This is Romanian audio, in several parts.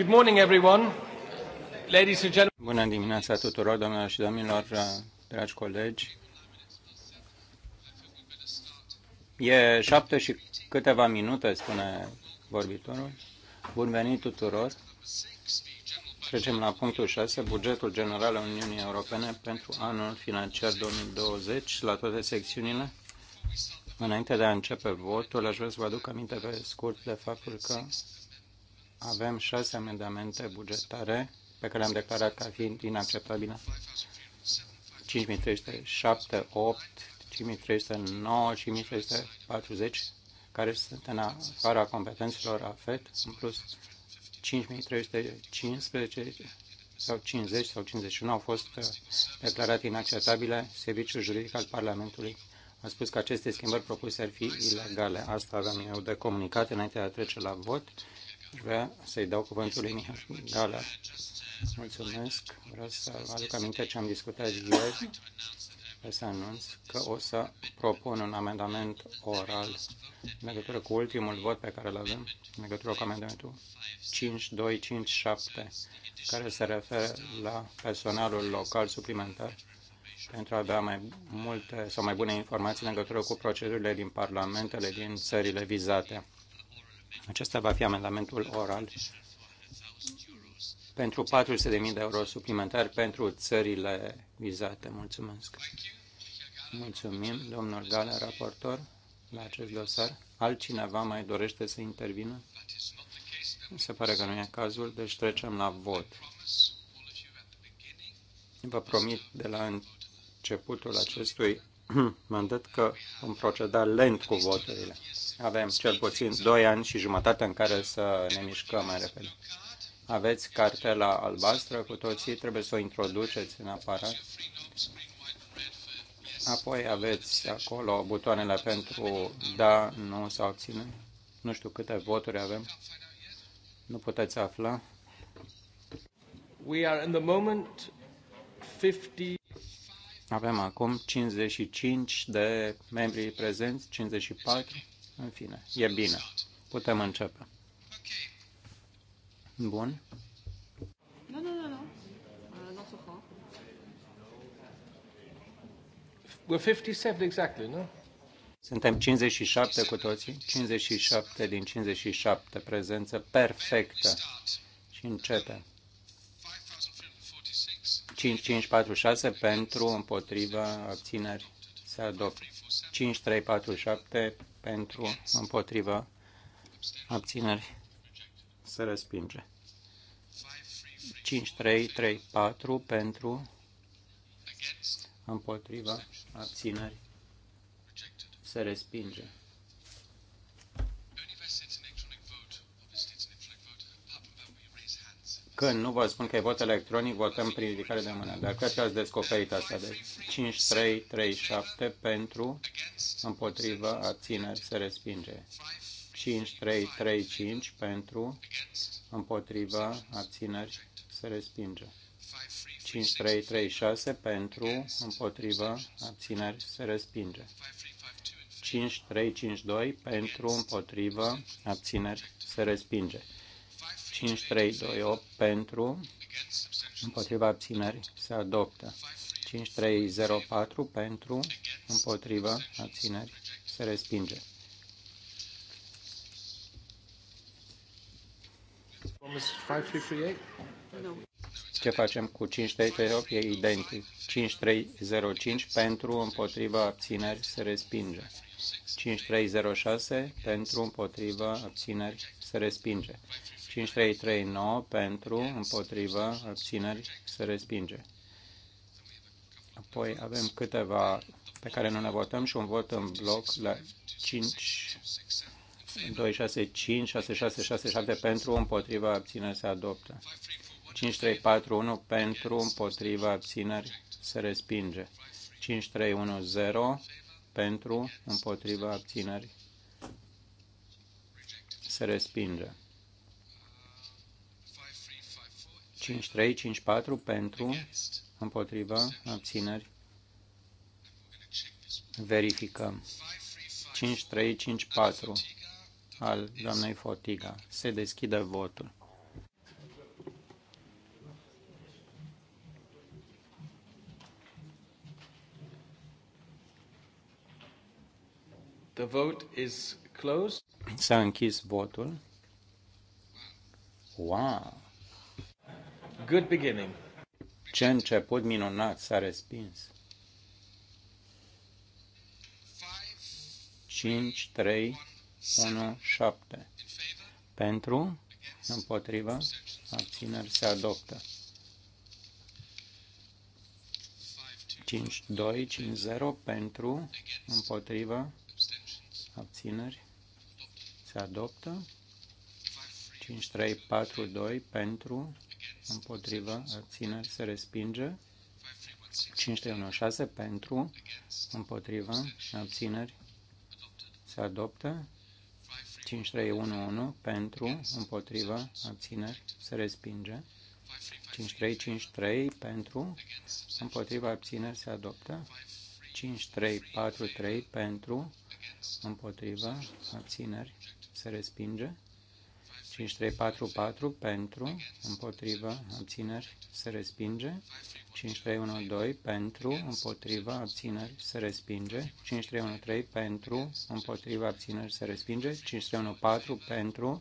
Good morning, everyone. Ladies and gentlemen. Bună dimineața tuturor, domnilor și domnilor, dragi colegi. E șapte și câteva minute, spune vorbitorul. Bun venit tuturor. Trecem la punctul 6, bugetul general al Uniunii Europene pentru anul financiar 2020 la toate secțiunile. Înainte de a începe votul, aș vrea să vă aduc aminte pe scurt de faptul că avem șase amendamente bugetare pe care le-am declarat ca fiind inacceptabile. 5307, 8, 5309 5340, care sunt în afara competențelor AFET, în plus 5315 sau 50 sau 51 au fost uh, declarate inacceptabile. Serviciul juridic al Parlamentului a spus că aceste schimbări propuse ar fi ilegale. Asta aveam eu de comunicat înainte de a trece la vot Aș vrea să-i dau cuvântul lui Mihai Gala. Mulțumesc. Vreau să vă aduc aminte ce am discutat ieri. Vreau să anunț că o să propun un amendament oral în legătură cu ultimul vot pe care îl avem, în legătură cu amendamentul 5257, care se referă la personalul local suplimentar pentru a avea da mai multe sau mai bune informații în legătură cu procedurile din parlamentele din țările vizate. Acesta va fi amendamentul oral pentru 400.000 de euro suplimentari pentru țările vizate. Mulțumesc. Mulțumim, domnul Gala, raportor, la acest dosar. Altcineva mai dorește să intervină? Se pare că nu e cazul, deci trecem la vot. Vă promit de la începutul acestui m-am dat că am proceda lent cu voturile. Avem cel puțin 2 ani și jumătate în care să ne mișcăm mai repede. Aveți cartela albastră cu toții, trebuie să o introduceți în aparat. Apoi aveți acolo butoanele pentru da, nu sau ține. Nu știu câte voturi avem. Nu puteți afla. We are in the moment 50 avem acum 55 de membri prezenți, 54. În fine, e bine. Putem începe. Bun. Nu, nu, nu, nu. We're 57 exactly, nu? No? Suntem 57 cu toții, 57 din 57, prezență perfectă. Și începem. 5546 pentru, împotrivă, abțineri, se adoptă. 5347 pentru, împotrivă, abțineri, se respinge. 5334 pentru, împotrivă, abțineri, se respinge. Când nu vă spun că e vot electronic, votăm prin ridicare de mână. Dar cred că ați descoperit asta. 3, deci, 7 pentru, împotrivă, abțineri, se respinge. 5 pentru, împotrivă, abțineri, se respinge. 6 pentru, împotrivă, abțineri, se respinge. 2 pentru, împotrivă, abțineri, se respinge. 5328 pentru, împotriva abținerii se adoptă. 5304 pentru, împotriva abținerii se respinge. Ce facem cu 5308? E identic. 5305 pentru, împotriva abțineri, se respinge. 5306 pentru, împotriva abțineri, se respinge. 5339 pentru, împotrivă, abțineri, se respinge. Apoi avem câteva pe care nu ne votăm și un vot în bloc la 5, 2, 6, 5, 6, 6, 6, 7 pentru, împotriva, abțineri, se adoptă. 5, 3, 4, 1 pentru, împotriva, abțineri, se respinge. 5, 3, 1, 0 pentru, împotriva, abțineri, se respinge. 5-3, 5-4 pentru, împotriva, abțineri. Verificăm. 5-3, 5-4 al doamnei Fotiga. Se deschide votul. The vote is closed. S-a închis votul. Wow! good beginning. Ce început minunat s-a respins. 5, 3, 1, 7. Pentru, împotriva, abțineri se adoptă. 5, 2, 5, 0 pentru, împotriva, abțineri se adoptă. 5, 3, 4, 2 pentru, împotrivă, abțineri, se respinge. 5316 pentru, împotrivă, abțineri, se adoptă. 5311 pentru, împotrivă, abțineri, se respinge. 5353 pentru, împotriva abțineri se adoptă. 5343 pentru, împotriva abțineri se respinge. 5-3-4-4 pentru, împotriva, abțineri, se respinge. 5-3-1-2 pentru, împotriva, abțineri, se respinge. 5-3-1-3 pentru, împotriva, abțineri, se respinge. 5-3-1-4 pentru,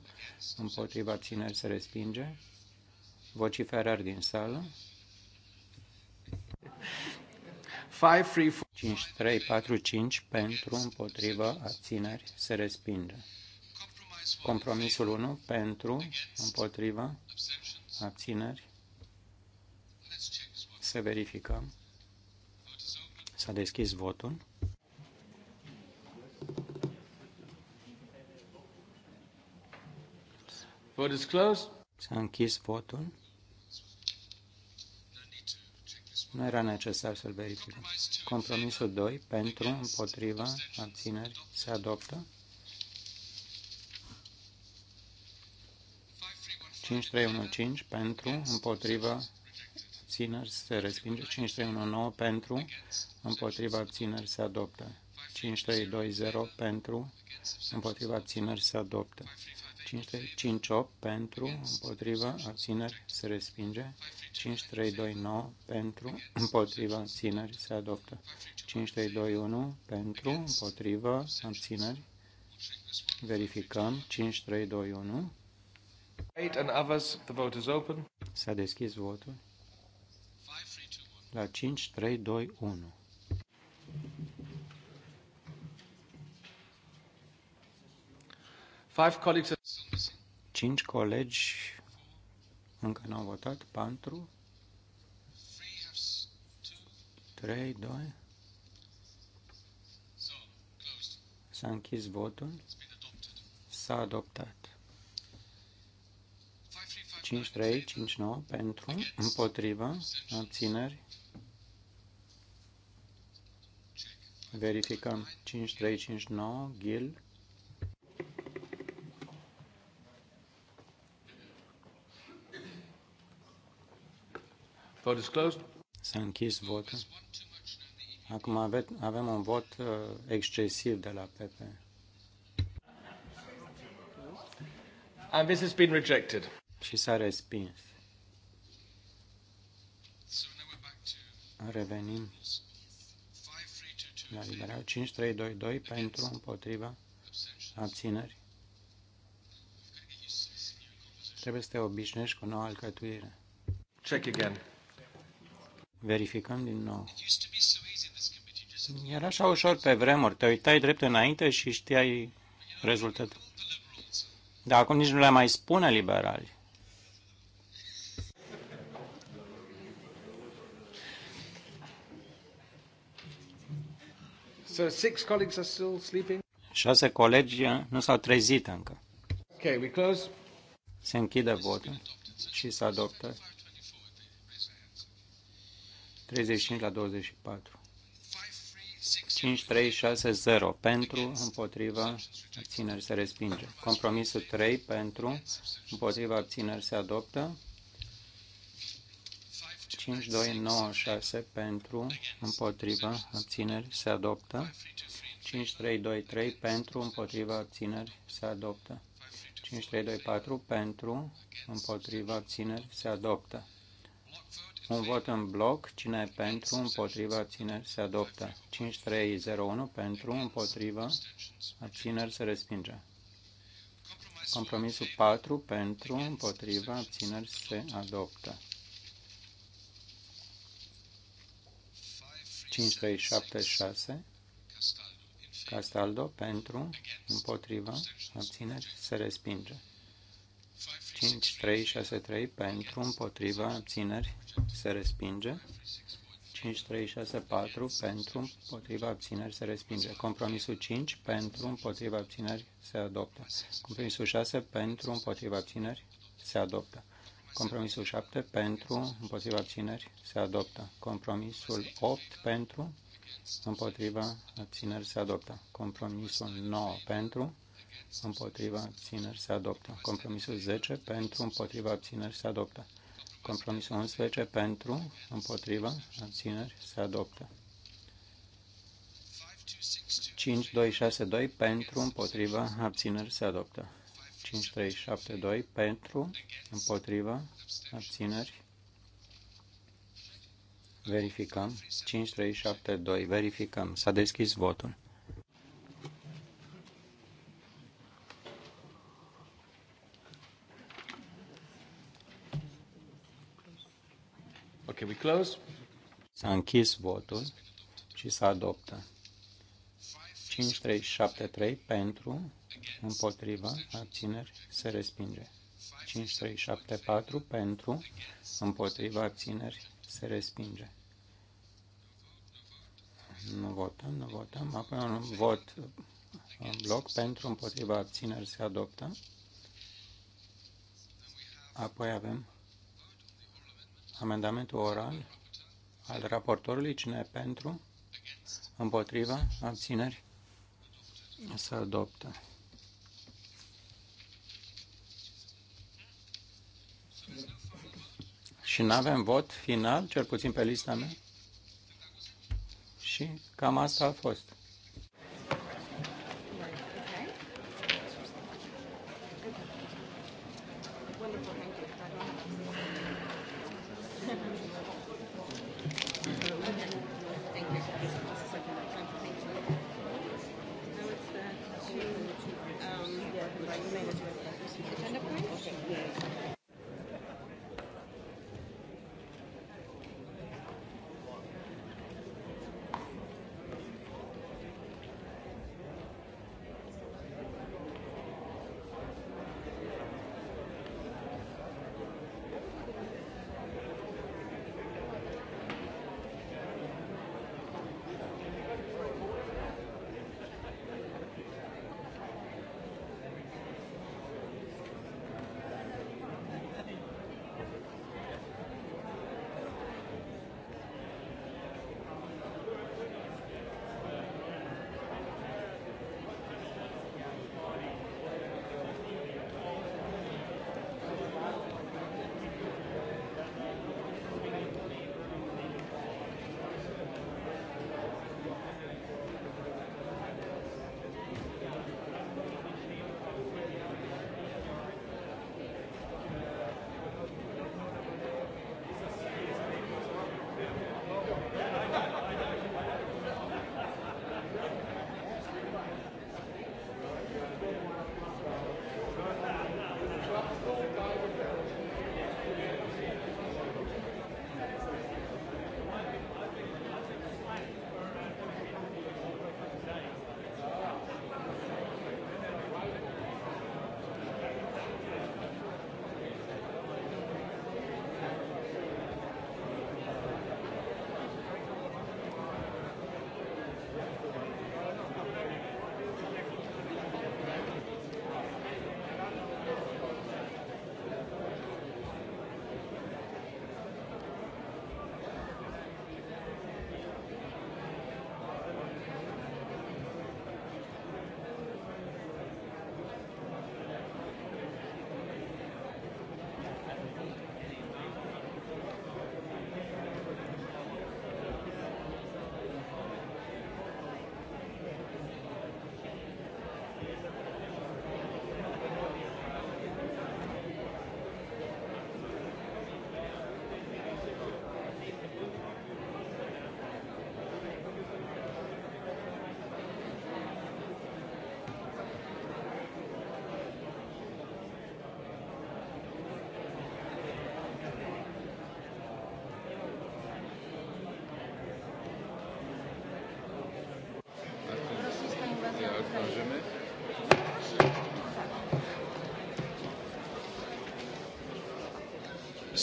împotriva, abțineri, se respinge. Vociferar din sală. 5-3-4-5 pentru, împotriva, abțineri, se respinge. Compromisul 1 pentru, împotriva, abțineri. Să verificăm. S-a deschis votul. Vote is closed. S-a închis votul. Nu era necesar să-l verificăm. Compromisul 2 pentru, împotriva, abțineri se adoptă. 5315 pentru, împotriva, abțineri se respinge. 5319 pentru, împotriva, abțineri se adoptă. 5320 pentru, împotriva, abțineri se adoptă. 5358 pentru, împotriva, abțineri se respinge. 5329 pentru, împotriva, abțineri se adoptă. 5321 pentru, împotriva, abțineri Verificăm. 5321 and others, the vote is open. S-a deschis votul. La 5, 3, 2, 1. Five colleagues Cinci colegi încă n-au votat. Patru. 3, 2, S-a închis votul. S-a adoptat. 5-3, 5-9 pentru, împotriva, abțineri. Verificăm 5-3-5-9, Gil. Vote is closed. S-a închis votul. Acum ave- avem un vot uh, excesiv de la PP. And this has been rejected și s-a respins. Revenim la liberal 5322 pentru împotriva abțineri. Trebuie să te obișnuiești cu noua alcătuire. Check again. Verificăm din nou. Era așa ușor pe vremuri. Te uitai drept înainte și știai rezultatul. Dar acum nici nu le mai spune liberali. six colleagues are still sleeping. Șase colegi nu s-au trezit încă. Okay, we close. Se închide votul și se adoptă 35 la 24. 5, 3, 6, 0 pentru, împotriva, abțineri se respinge. Compromisul 3 pentru, împotriva, abțineri se adoptă. 5296 pentru, împotriva, abțineri, se adoptă. 5323 pentru, împotriva, abțineri, se adoptă. 5324 pentru, împotriva, abțineri, se adoptă. Un vot în bloc, cine e pentru, împotriva, abțineri, se adoptă. 5301 pentru, împotriva, abțineri, se respinge. Compromisul 4 pentru, împotriva, abțineri, se adoptă. 5376 Castaldo pentru, împotriva, abțineri, se respinge. 5363 pentru, împotriva, abțineri, se respinge. 5364 pentru, împotriva, abțineri, se respinge. Compromisul 5 pentru, împotriva, abțineri, se adoptă. Compromisul 6 pentru, împotriva, abțineri, se adoptă. Compromisul 7 pentru, împotriva abțineri, se adoptă. Compromisul 8 pentru, împotriva abțineri, se adoptă. Compromisul 9 pentru, împotriva abțineri, se adoptă. Compromisul 10 pentru, împotriva abțineri, se adoptă. Compromisul 11 pentru, împotriva abțineri, se adoptă. 5262 pentru, împotriva abțineri, se adoptă. 5372 pentru, împotriva, abțineri. Verificăm. 5372. Verificăm. S-a deschis votul. Ok, we close. S-a închis votul și s-a adoptă. 5373 pentru, împotriva, abțineri, se respinge. 5374 pentru, împotriva, abțineri, se respinge. Nu votăm, nu votăm. Apoi un vot în bloc pentru, împotriva, abțineri, se adoptă. Apoi avem amendamentul oral al raportorului. Cine pentru? Împotriva? Abțineri? Se adoptă. Și nu avem vot final, cel puțin pe lista mea? Și cam asta a fost.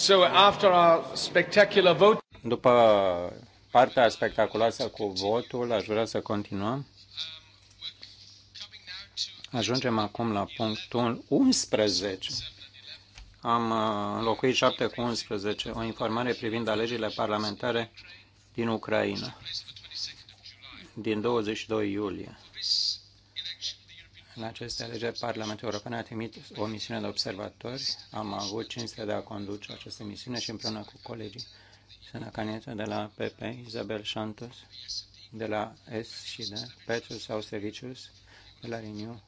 So after our spectacular vote... După partea spectaculoasă cu votul, aș vrea să continuăm. Ajungem acum la punctul 11. Am uh, înlocuit 7 cu 11, o informare privind alegerile parlamentare din Ucraina, din 22 iulie. În aceste alegeri, Parlamentul European a trimis o misiune de observatori. Am avut cinstea de a conduce această misiune și împreună cu colegii Sena Caneta de la PP, Isabel Santos de la S și de Petru Sausericius de la Renew,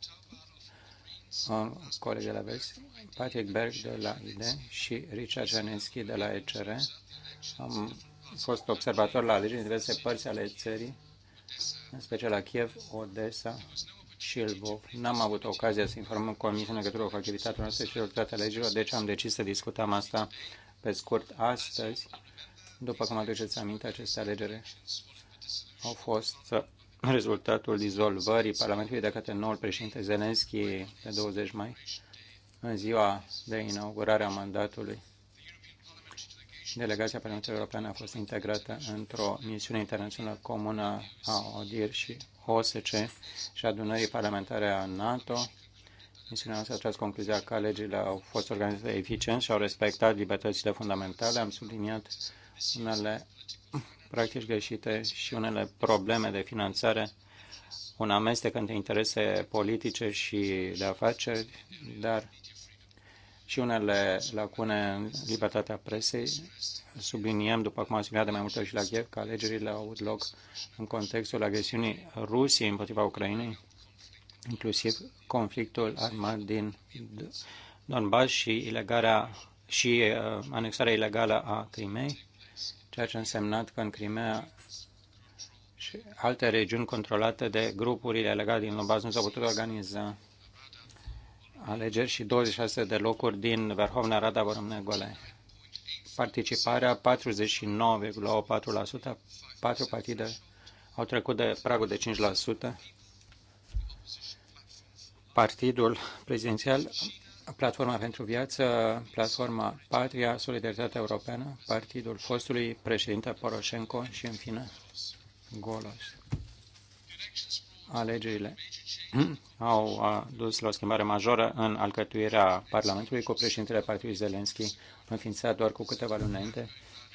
un coleg de la Vers, Patrick Berg de la ID și Richard Janeschi de la ECR. Am fost observator la alegeri în diverse părți ale țării, în special la Kiev, Odessa, și Elbov. N-am avut ocazia să informăm Comisia în legătură cu activitatea noastră și rezultatele legilor, deci am decis să discutăm asta pe scurt astăzi. După cum aduceți aminte, aceste alegeri au fost rezultatul dizolvării Parlamentului de către noul președinte Zelenski pe 20 mai, în ziua de inaugurare a mandatului. Delegația Parlamentului European a fost integrată într-o misiune internațională comună a ODIR și OSCE și adunării parlamentare a NATO. Misiunea noastră a tras concluzia că alegerile au fost organizate eficient și au respectat libertățile fundamentale. Am subliniat unele practici greșite și unele probleme de finanțare, un amestec între interese politice și de afaceri, dar și unele lacune în libertatea presei. Subliniem, după cum am subliniat de mai multe și la Kiev, că alegerile au avut loc în contextul agresiunii Rusiei împotriva Ucrainei, inclusiv conflictul armat din Donbass și ilegarea și uh, anexarea ilegală a Crimei, ceea ce a însemnat că în Crimea și alte regiuni controlate de grupurile legate din Donbass nu s-au putut organiza alegeri și 26 de locuri din Verhovna Rada Vorumne Golai. Participarea 49,4%, patru partide au trecut de pragul de 5%. Partidul prezidențial, Platforma pentru Viață, Platforma Patria, Solidaritatea Europeană, Partidul fostului președinte Poroșenco și, în fine, Golos alegerile au dus la o schimbare majoră în alcătuirea Parlamentului cu președintele partidului Zelenski, înființat doar cu câteva luni înainte.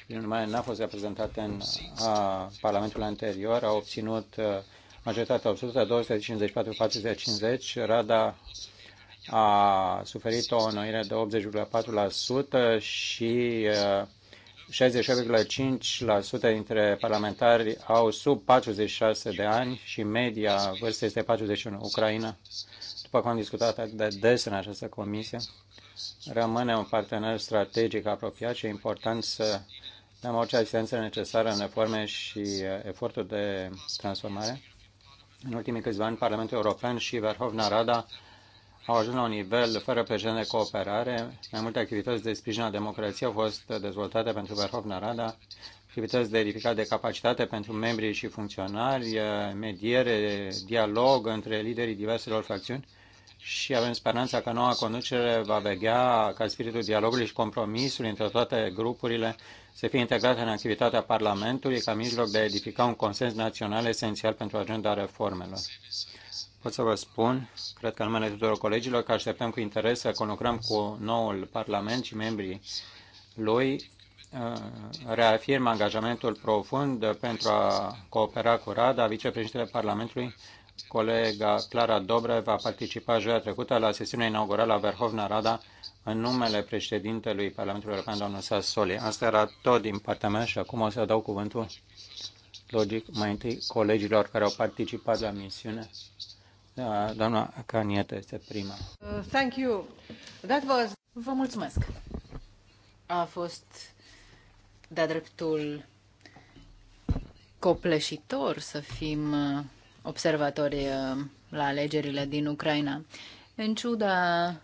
Prin urmare, n-a fost reprezentat în a, Parlamentul anterior, a obținut uh, majoritatea absolută 254 față de 50. Rada a suferit o înnoire de 80,4% și a, 67,5% dintre parlamentari au sub 46 de ani și media vârstă este 41. Ucraina, după cum am discutat de des în această comisie, rămâne un partener strategic apropiat și e important să dăm orice asistență necesară în reforme și efortul de transformare. În ultimii câțiva ani, Parlamentul European și Verhovna Rada au ajuns la un nivel fără precedent de cooperare. Mai multe activități de sprijin a democrației au fost dezvoltate pentru Verhovna Rada, activități de ridicare de capacitate pentru membrii și funcționari, mediere, dialog între liderii diverselor facțiuni și avem speranța că noua conducere va vegea ca spiritul dialogului și compromisului între toate grupurile să fie integrat în activitatea Parlamentului ca mijloc de a edifica un consens național esențial pentru agenda reformelor. Pot să vă spun, cred că în numele tuturor colegilor, că așteptăm cu interes să conlucrăm cu noul Parlament și membrii lui uh, Reafirm angajamentul profund pentru a coopera cu Rada. Vicepreședintele Parlamentului, colega Clara Dobre, va participa joia trecută la sesiunea inaugurală a Verhovna Rada în numele președintelui Parlamentului European, domnul Sassoli. Asta era tot din partea mea și acum o să dau cuvântul, logic, mai întâi colegilor care au participat la misiune da, doamna Canieta este prima. Uh, thank you. That was... Vă mulțumesc. A fost de-a dreptul copleșitor să fim uh, observatori uh, la alegerile din Ucraina. În ciuda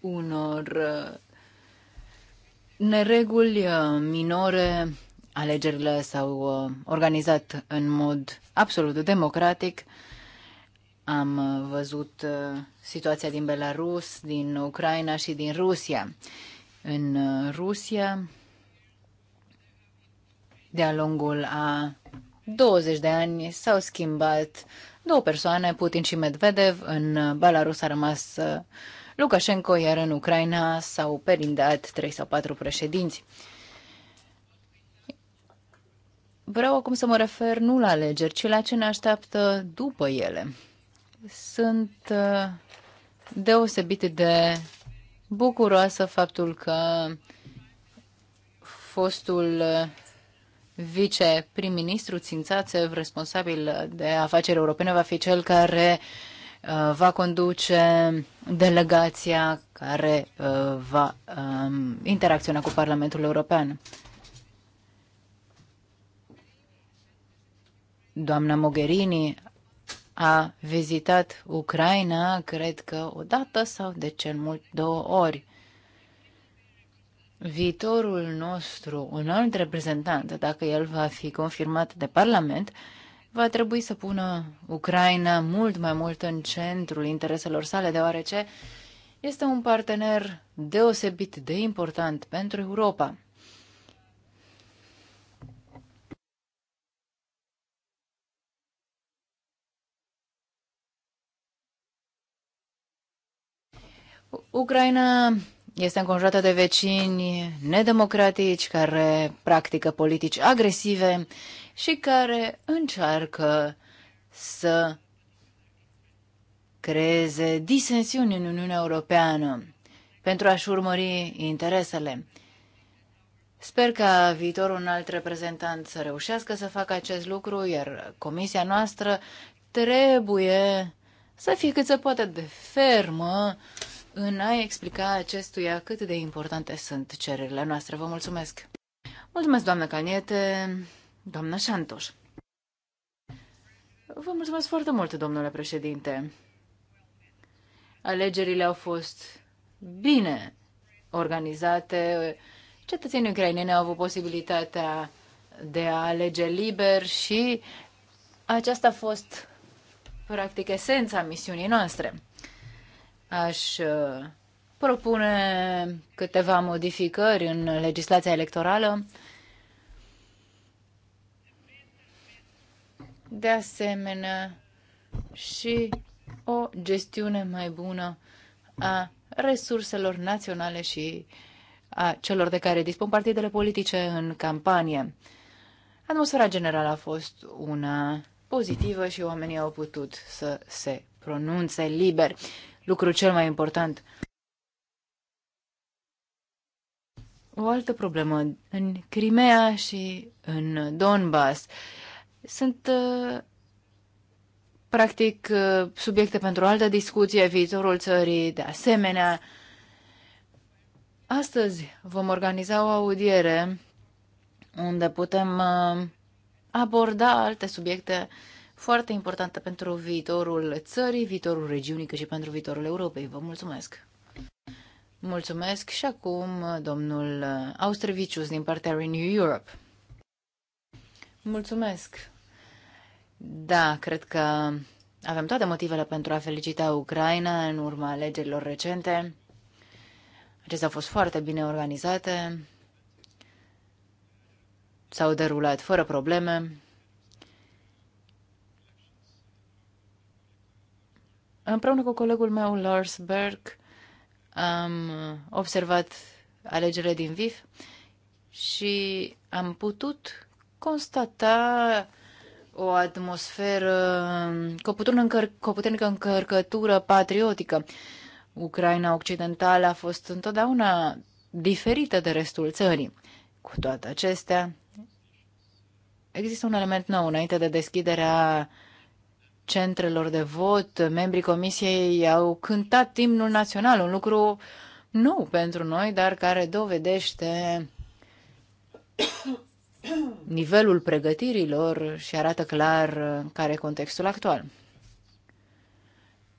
unor nereguli minore, alegerile s-au organizat în mod absolut democratic, am uh, văzut uh, situația din Belarus, din Ucraina și din Rusia. În uh, Rusia, de-a lungul a 20 de ani, s-au schimbat două persoane, Putin și Medvedev. În Belarus a rămas Lukashenko, iar în Ucraina s-au perindat trei sau patru președinți. Vreau acum să mă refer nu la alegeri, ci la ce ne așteaptă după ele sunt uh, deosebit de bucuroasă faptul că fostul uh, vice-prim-ministru Țințațev, responsabil de afaceri europene, va fi cel care uh, va conduce delegația care va um, interacționa cu Parlamentul European. Doamna Mogherini a vizitat Ucraina, cred că o dată sau de cel mult două ori. Viitorul nostru, un alt reprezentant, dacă el va fi confirmat de Parlament, va trebui să pună Ucraina mult mai mult în centrul intereselor sale, deoarece este un partener deosebit de important pentru Europa. Ucraina este înconjurată de vecini nedemocratici care practică politici agresive și care încearcă să creeze disensiuni în Uniunea Europeană pentru a-și urmări interesele. Sper ca viitorul un alt reprezentant să reușească să facă acest lucru, iar comisia noastră trebuie să fie cât se poate de fermă în a explica acestuia cât de importante sunt cererile noastre. Vă mulțumesc! Mulțumesc, doamnă Caniete, doamnă Șantoș. Vă mulțumesc foarte mult, domnule președinte. Alegerile au fost bine organizate. Cetățenii ucraineni au avut posibilitatea de a alege liber și aceasta a fost, practic, esența misiunii noastre. Aș uh, propune câteva modificări în legislația electorală. De asemenea, și o gestiune mai bună a resurselor naționale și a celor de care dispun partidele politice în campanie. Atmosfera generală a fost una pozitivă și oamenii au putut să se pronunțe liber lucru cel mai important. O altă problemă în Crimea și în Donbass sunt uh, practic uh, subiecte pentru o altă discuție, viitorul țării de asemenea. Astăzi vom organiza o audiere unde putem uh, aborda alte subiecte uh, foarte importantă pentru viitorul țării, viitorul regiunii, cât și pentru viitorul Europei. Vă mulțumesc! Mulțumesc și acum domnul Austrevicius din partea Renew Europe. Mulțumesc! Da, cred că avem toate motivele pentru a felicita Ucraina în urma alegerilor recente. Acestea au fost foarte bine organizate, s-au derulat fără probleme. Împreună cu colegul meu, Lars Berg, am observat alegerile din VIF și am putut constata o atmosferă puternică încărcătură patriotică. Ucraina occidentală a fost întotdeauna diferită de restul țării. Cu toate acestea, există un element nou înainte de deschiderea centrelor de vot, membrii comisiei au cântat imnul național, un lucru nou pentru noi, dar care dovedește nivelul pregătirilor și arată clar care e contextul actual.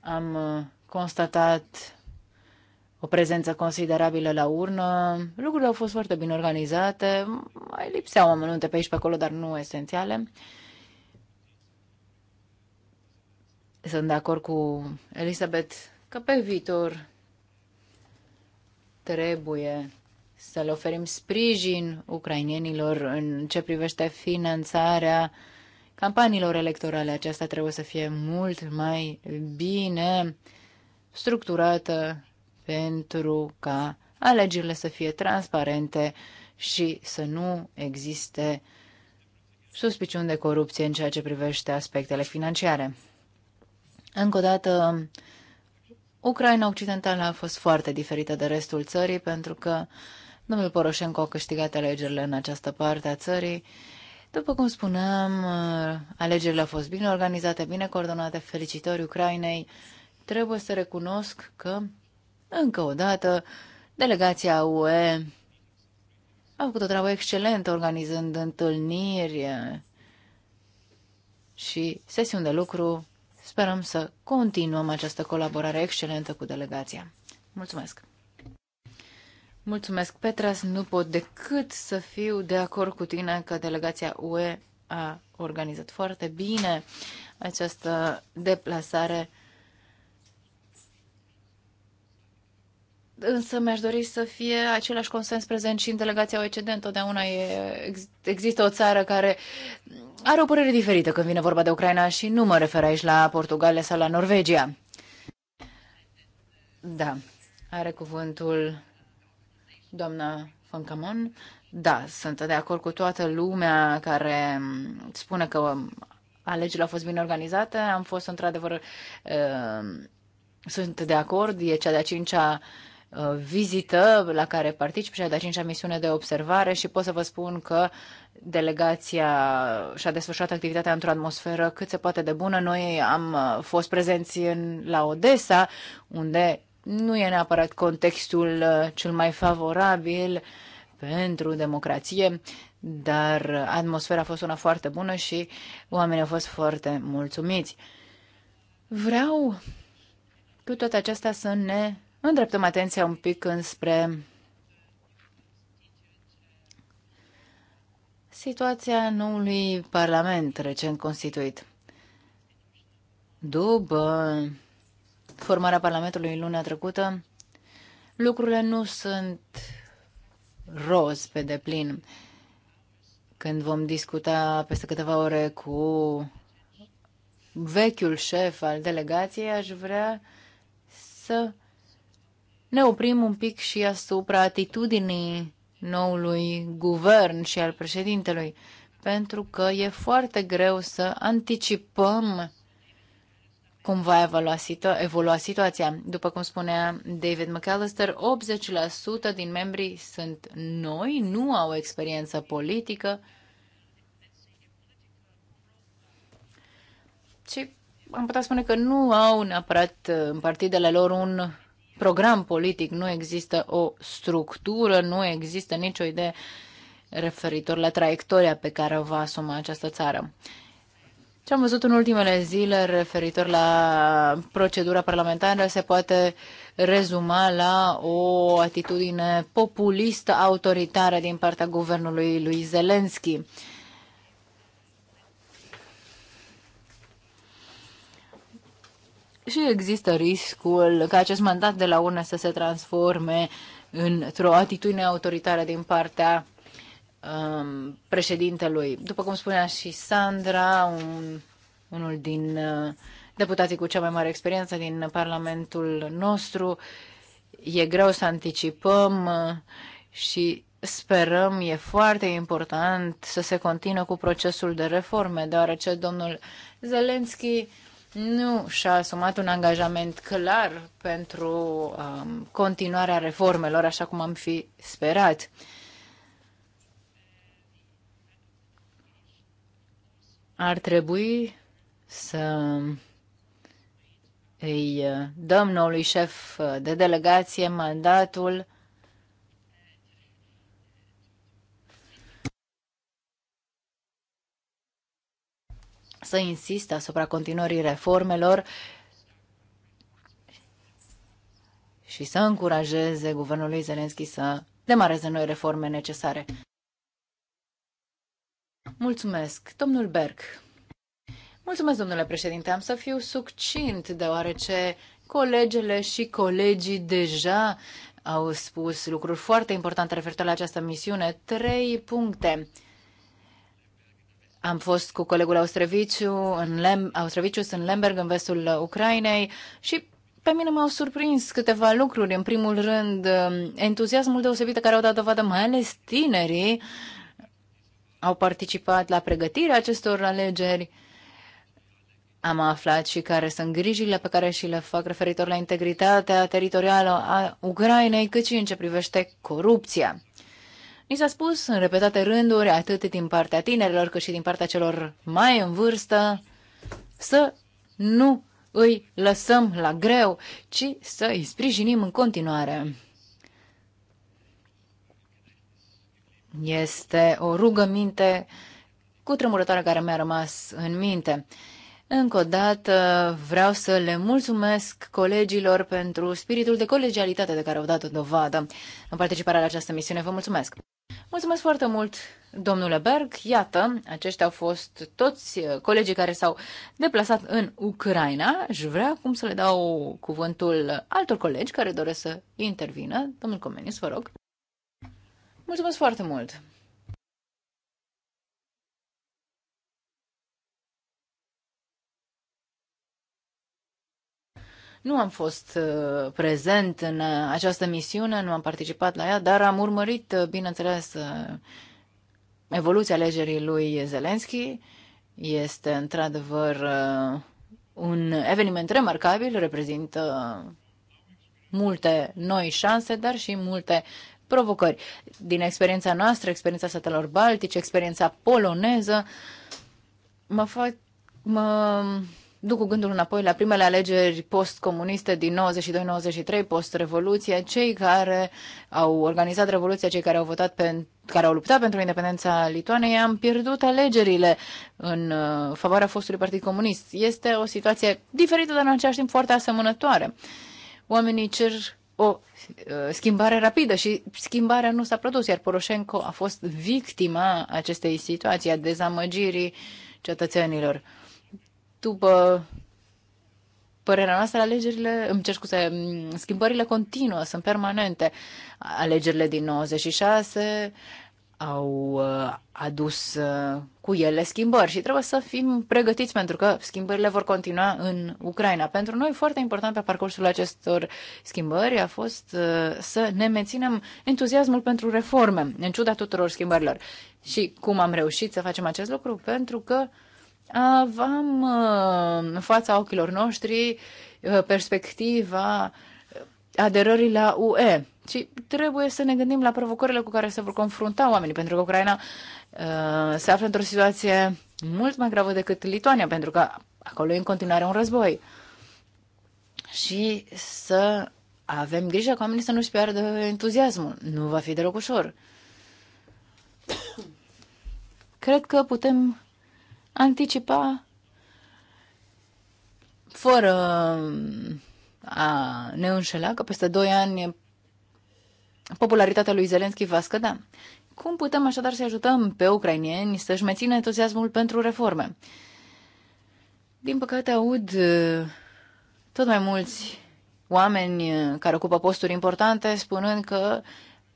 Am constatat o prezență considerabilă la urnă, lucrurile au fost foarte bine organizate, mai lipseau amănunte pe aici pe acolo, dar nu esențiale. Uh, Sunt de acord cu Elisabeth că pe viitor trebuie să le oferim sprijin ucrainienilor în ce privește finanțarea campaniilor electorale. Aceasta trebuie să fie mult mai bine structurată pentru ca alegerile să fie transparente și să nu existe suspiciuni de corupție în ceea ce privește aspectele financiare. Încă o dată, Ucraina Occidentală a fost foarte diferită de restul țării pentru că domnul Poroșenko a câștigat alegerile în această parte a țării. După cum spuneam, alegerile au fost bine organizate, bine coordonate, felicitări Ucrainei. Trebuie să recunosc că, încă o dată, delegația UE a făcut o treabă excelentă organizând întâlniri și sesiuni de lucru Sperăm să continuăm această colaborare excelentă cu delegația. Mulțumesc! Mulțumesc, Petras. Nu pot decât să fiu de acord cu tine că delegația UE a organizat foarte bine această deplasare Însă mi-aș dori să fie același consens prezent și în delegația OECD. Întotdeauna e, există o țară care are o părere diferită când vine vorba de Ucraina și nu mă refer aici la Portugalia sau la Norvegia. Da, are cuvântul doamna Fancamon. Da, sunt de acord cu toată lumea care spune că alegerile au fost bine organizate. Am fost într-adevăr, uh, sunt de acord, e cea de-a cincea uh, Uh, vizită la care particip, și a de-a cincea misiune de observare și pot să vă spun că delegația și-a desfășurat activitatea într-o atmosferă cât se poate de bună. Noi am uh, fost prezenți în, la Odessa, unde nu e neapărat contextul uh, cel mai favorabil pentru democrație, dar atmosfera a fost una foarte bună și oamenii au fost foarte mulțumiți. Vreau cu toate acestea să ne îndreptăm atenția un pic înspre situația noului Parlament recent constituit. După formarea Parlamentului luna trecută, lucrurile nu sunt roz pe deplin. Când vom discuta peste câteva ore cu vechiul șef al delegației, aș vrea să ne oprim un pic și asupra atitudinii noului guvern și al președintelui, pentru că e foarte greu să anticipăm cum va evolua, situa- evolua situația. După cum spunea David McAllister, 80% din membrii sunt noi, nu au experiență politică. Și am putea spune că nu au neapărat în partidele lor un program politic, nu există o structură, nu există nicio idee referitor la traiectoria pe care o va asuma această țară. Ce am văzut în ultimele zile referitor la procedura parlamentară se poate rezuma la o atitudine populistă, autoritară din partea guvernului lui Zelenski și există riscul ca acest mandat de la urne să se transforme într-o atitudine autoritară din partea um, președintelui. După cum spunea și Sandra, un, unul din uh, deputații cu cea mai mare experiență din Parlamentul nostru, e greu să anticipăm uh, și sperăm, e foarte important să se continue cu procesul de reforme, deoarece domnul Zelenski nu și-a asumat un angajament clar pentru um, continuarea reformelor, așa cum am fi sperat. Ar trebui să îi dăm noului șef de delegație mandatul să insiste asupra continuării reformelor și să încurajeze guvernul lui Zelenski să demareze noi reforme necesare. Mulțumesc, domnul Berg. Mulțumesc, domnule președinte. Am să fiu succint, deoarece colegele și colegii deja au spus lucruri foarte importante referitor la această misiune. Trei puncte. Am fost cu colegul Austreviciu în, Lem- Austreviciu în Lemberg, în vestul Ucrainei și pe mine m-au surprins câteva lucruri. În primul rând, um, entuziasmul deosebit care au dat dovadă, mai ales tinerii, au participat la pregătirea acestor alegeri. Am aflat și care sunt grijile pe care și le fac referitor la integritatea teritorială a Ucrainei, cât și în ce privește corupția. Ni s-a spus în repetate rânduri, atât din partea tinerilor, cât și din partea celor mai în vârstă, să nu îi lăsăm la greu, ci să îi sprijinim în continuare. Este o rugăminte cu tremurătoare care mi-a rămas în minte. Încă o dată vreau să le mulțumesc colegilor pentru spiritul de colegialitate de care au dat o dovadă în participarea la această misiune. Vă mulțumesc! Mulțumesc foarte mult, domnule Berg. Iată, aceștia au fost toți uh, colegii care s-au deplasat în Ucraina. Aș vrea acum să le dau cuvântul altor colegi care doresc să intervină. Domnul Comenius, vă rog. Mulțumesc foarte mult. Nu am fost uh, prezent în uh, această misiune, nu am participat la ea, dar am urmărit, uh, bineînțeles, evoluția alegerii lui Zelenski. Este într-adevăr un eveniment remarcabil, reprezintă multe noi șanse, dar și multe provocări. Din experiența noastră, experiența statelor baltice, experiența poloneză, mă fac, mă duc cu gândul înapoi la primele alegeri post-comuniste din 92-93, post-revoluție, cei care au organizat revoluția, cei care au votat pentru, care au luptat pentru independența Lituanei, am pierdut alegerile în uh, favoarea fostului Partid Comunist. Este o situație diferită, dar în același timp foarte asemănătoare. Oamenii cer o uh, schimbare rapidă și schimbarea nu s-a produs, iar Poroșenko a fost victima acestei situații, a dezamăgirii cetățenilor. După părerea noastră, alegerile, îmi cer scuze, schimbările continuă, sunt permanente. Alegerile din 96 au uh, adus uh, cu ele schimbări și trebuie să fim pregătiți pentru că schimbările vor continua în Ucraina. Pentru noi foarte important pe parcursul acestor schimbări a fost uh, să ne menținem entuziasmul pentru reforme, în ciuda tuturor schimbărilor. Și cum am reușit să facem acest lucru? Pentru că uh, avem în fața ochilor noștri perspectiva aderării la UE. Și trebuie să ne gândim la provocările cu care se vor confrunta oamenii, pentru că Ucraina se află într-o situație mult mai gravă decât Lituania, pentru că acolo e în continuare un război. Și să avem grijă ca oamenii să nu-și piardă entuziasmul. Nu va fi deloc ușor. Cred că putem anticipa fără a ne înșela că peste 2 ani popularitatea lui Zelenski va scădea. Cum putem așadar să ajutăm pe ucrainieni să-și mențină entuziasmul pentru reforme? Din păcate aud tot mai mulți oameni care ocupă posturi importante spunând că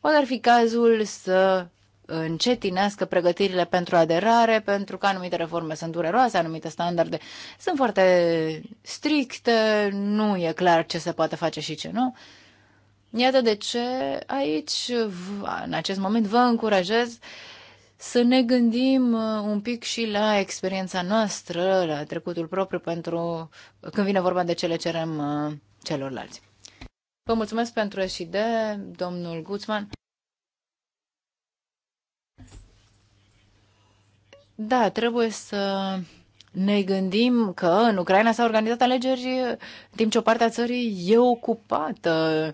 poate ar fi cazul să încetinească pregătirile pentru aderare, pentru că anumite reforme sunt dureroase, anumite standarde sunt foarte stricte, nu e clar ce se poate face și ce nu. Iată de ce aici, în acest moment, vă încurajez să ne gândim uh, un pic și la experiența noastră, la trecutul propriu, pentru când vine vorba de ce le cerem uh, celorlalți. Vă mulțumesc pentru și de domnul Guțman. Da, trebuie să ne gândim că în Ucraina s-au organizat alegeri în timp ce o parte a țării e ocupată.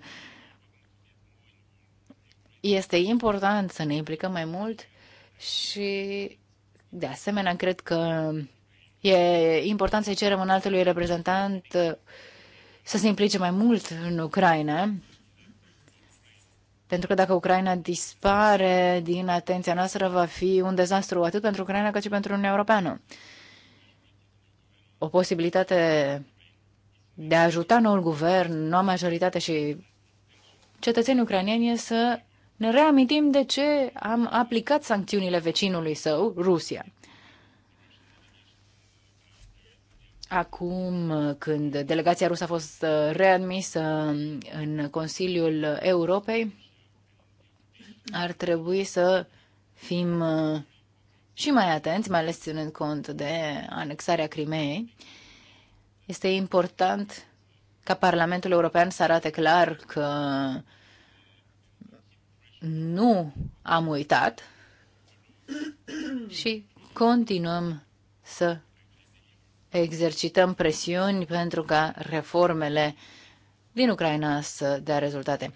Este important să ne implicăm mai mult și, de asemenea, cred că e important să-i cerem un altului reprezentant să se implice mai mult în Ucraina. Pentru că dacă Ucraina dispare din atenția noastră, va fi un dezastru atât pentru Ucraina cât și pentru Uniunea Europeană. O posibilitate de a ajuta noul guvern, noua majoritate și cetățenii ucranieni e să ne reamintim de ce am aplicat sancțiunile vecinului său, Rusia. Acum, când delegația rusă a fost readmisă în Consiliul Europei, ar trebui să fim uh, și mai atenți, mai ales ținând cont de anexarea Crimeei. Este important ca Parlamentul European să arate clar că nu am uitat și continuăm să exercităm presiuni pentru ca reformele din Ucraina să dea rezultate.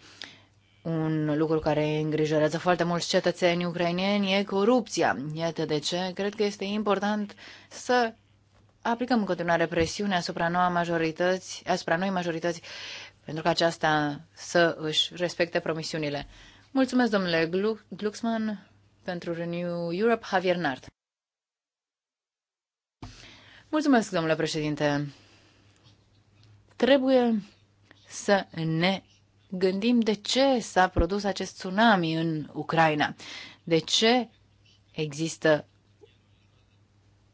Un lucru care îngrijorează foarte mulți cetățeni ucraineni e corupția. Iată de ce cred că este important să aplicăm în continuare presiune asupra, noua majorități, asupra noi majorități pentru că aceasta să își respecte promisiunile. Mulțumesc, domnule Glucksmann, pentru Renew Europe, Javier Nart. Mulțumesc, domnule președinte. Trebuie să ne gândim de ce s-a produs acest tsunami în Ucraina, de ce există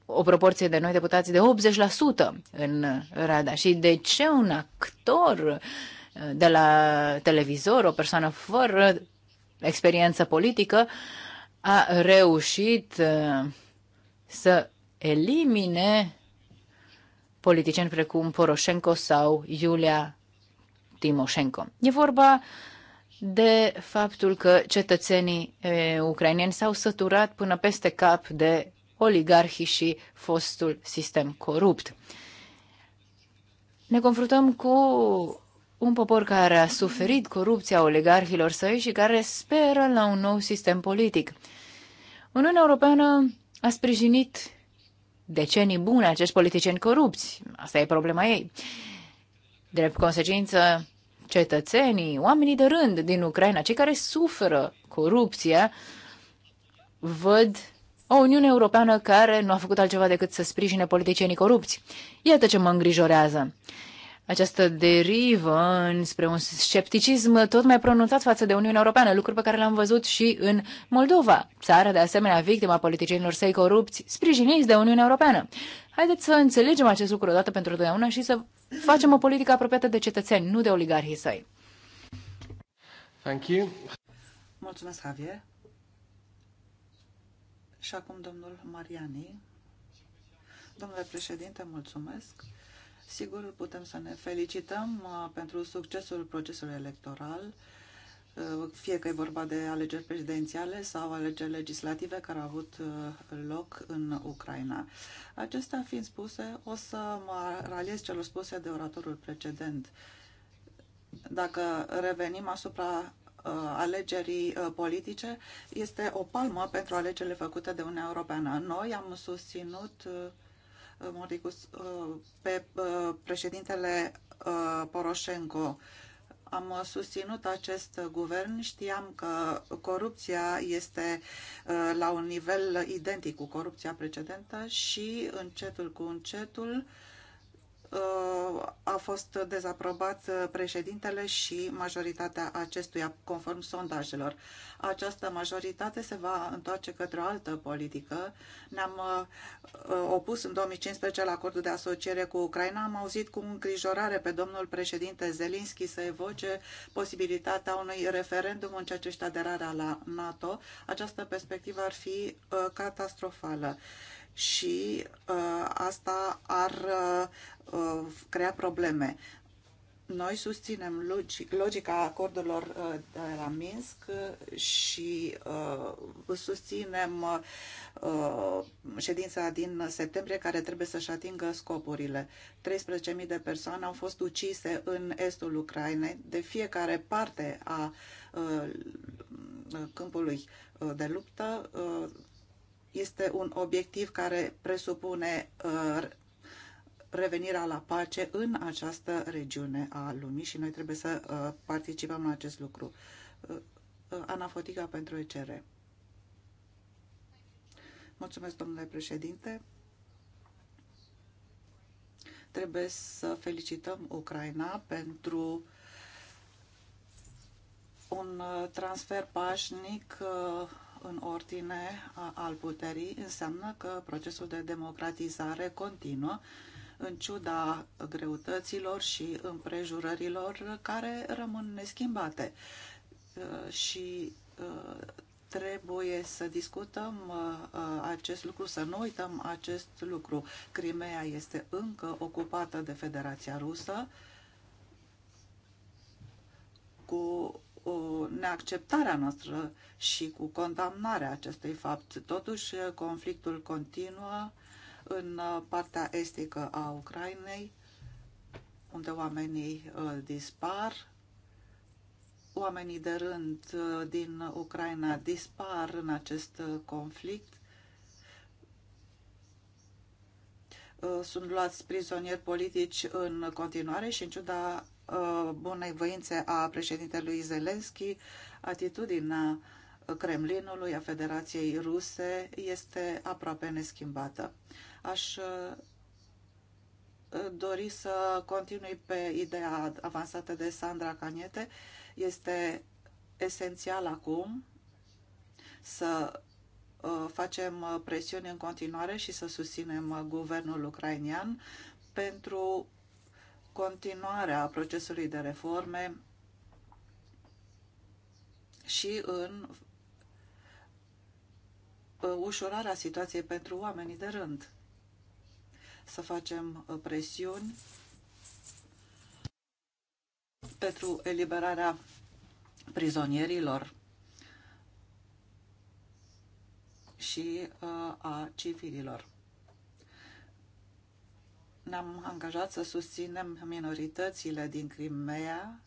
o proporție de noi deputați de 80% în Rada și de ce un actor uh, de la televizor, o persoană fără experiență politică, a reușit uh, să elimine politicieni precum Poroșenko sau Iulia Timoșenko. E vorba de faptul că cetățenii e, ucraineni s-au săturat până peste cap de oligarhi și fostul sistem corupt. Ne confruntăm cu un popor care a suferit corupția oligarhilor săi și care speră la un nou sistem politic. Uniunea Europeană a sprijinit decenii bune acești politicieni corupți. Asta e problema ei. Drept consecință, cetățenii, oamenii de rând din Ucraina, cei care suferă corupția, văd o Uniune Europeană care nu a făcut altceva decât să sprijine politicienii corupți. Iată ce mă îngrijorează. Această derivă înspre un scepticism tot mai pronunțat față de Uniunea Europeană, lucru pe care l-am văzut și în Moldova, țară de asemenea victima politicienilor săi corupți, sprijiniți de Uniunea Europeană. Haideți să înțelegem acest lucru odată pentru totdeauna și să facem o politică apropiată de cetățeni, nu de oligarhii săi. Thank you. Mulțumesc, Javier. Și acum domnul Mariani. Domnule președinte, mulțumesc. Sigur, putem să ne felicităm uh, pentru succesul procesului electoral Uh, fie că e vorba de alegeri prezidențiale sau alegeri legislative care au avut uh, loc în Ucraina. Acestea fiind spuse, o să mă raliez celor spuse de oratorul precedent. Dacă revenim asupra uh, alegerii politice, este o palmă pentru alegerile făcute de Uniunea Europeană. Noi am susținut Mordicus pe președintele Poroșenko am susținut acest guvern, știam că corupția este uh, la un nivel identic cu corupția precedentă și încetul cu încetul uh, a fost dezaprobat președintele și majoritatea acestuia, conform sondajelor. Această majoritate se va întoarce către o altă politică. Ne-am uh, opus în 2015 la acordul de asociere cu Ucraina. Am auzit cu îngrijorare pe domnul președinte Zelinski să evoce posibilitatea unui referendum în ceea ce este aderarea la NATO. Această perspectivă ar fi uh, catastrofală și uh, asta ar uh, crea probleme. Noi susținem logic, logica acordurilor uh, de la Minsk și uh, susținem uh, ședința din septembrie care trebuie să-și atingă scopurile. 13.000 de persoane au fost ucise în estul Ucrainei de fiecare parte a uh, câmpului uh, de luptă. Uh, este un obiectiv care presupune uh, revenirea la pace în această regiune a lumii și noi trebuie să uh, participăm la acest lucru. Uh, Ana Fotiga pentru ECR. Mulțumesc, domnule președinte. Trebuie să felicităm Ucraina pentru un transfer pașnic în ordine al puterii înseamnă că procesul de democratizare continuă în ciuda greutăților și împrejurărilor care rămân neschimbate. Și trebuie să discutăm acest lucru, să nu uităm acest lucru. Crimea este încă ocupată de Federația Rusă cu cu neacceptarea noastră și cu condamnarea acestui fapt. Totuși, conflictul continuă în partea estică a Ucrainei, unde oamenii uh, dispar, oamenii de rând uh, din Ucraina dispar în acest uh, conflict. Sunt luați prizonieri politici în continuare și în ciuda Uh, bunei voințe a președintelui Zelenski, atitudinea Kremlinului, a Federației Ruse, este aproape neschimbată. Aș uh, dori să continui pe ideea avansată de Sandra Caniete. Este esențial acum să uh, facem presiuni în continuare și să susținem guvernul ucrainian pentru continuarea procesului de reforme și în uh, ușurarea situației pentru oamenii de rând. Să facem uh, presiuni pentru eliberarea prizonierilor și uh, a civililor ne-am angajat să susținem minoritățile din Crimea.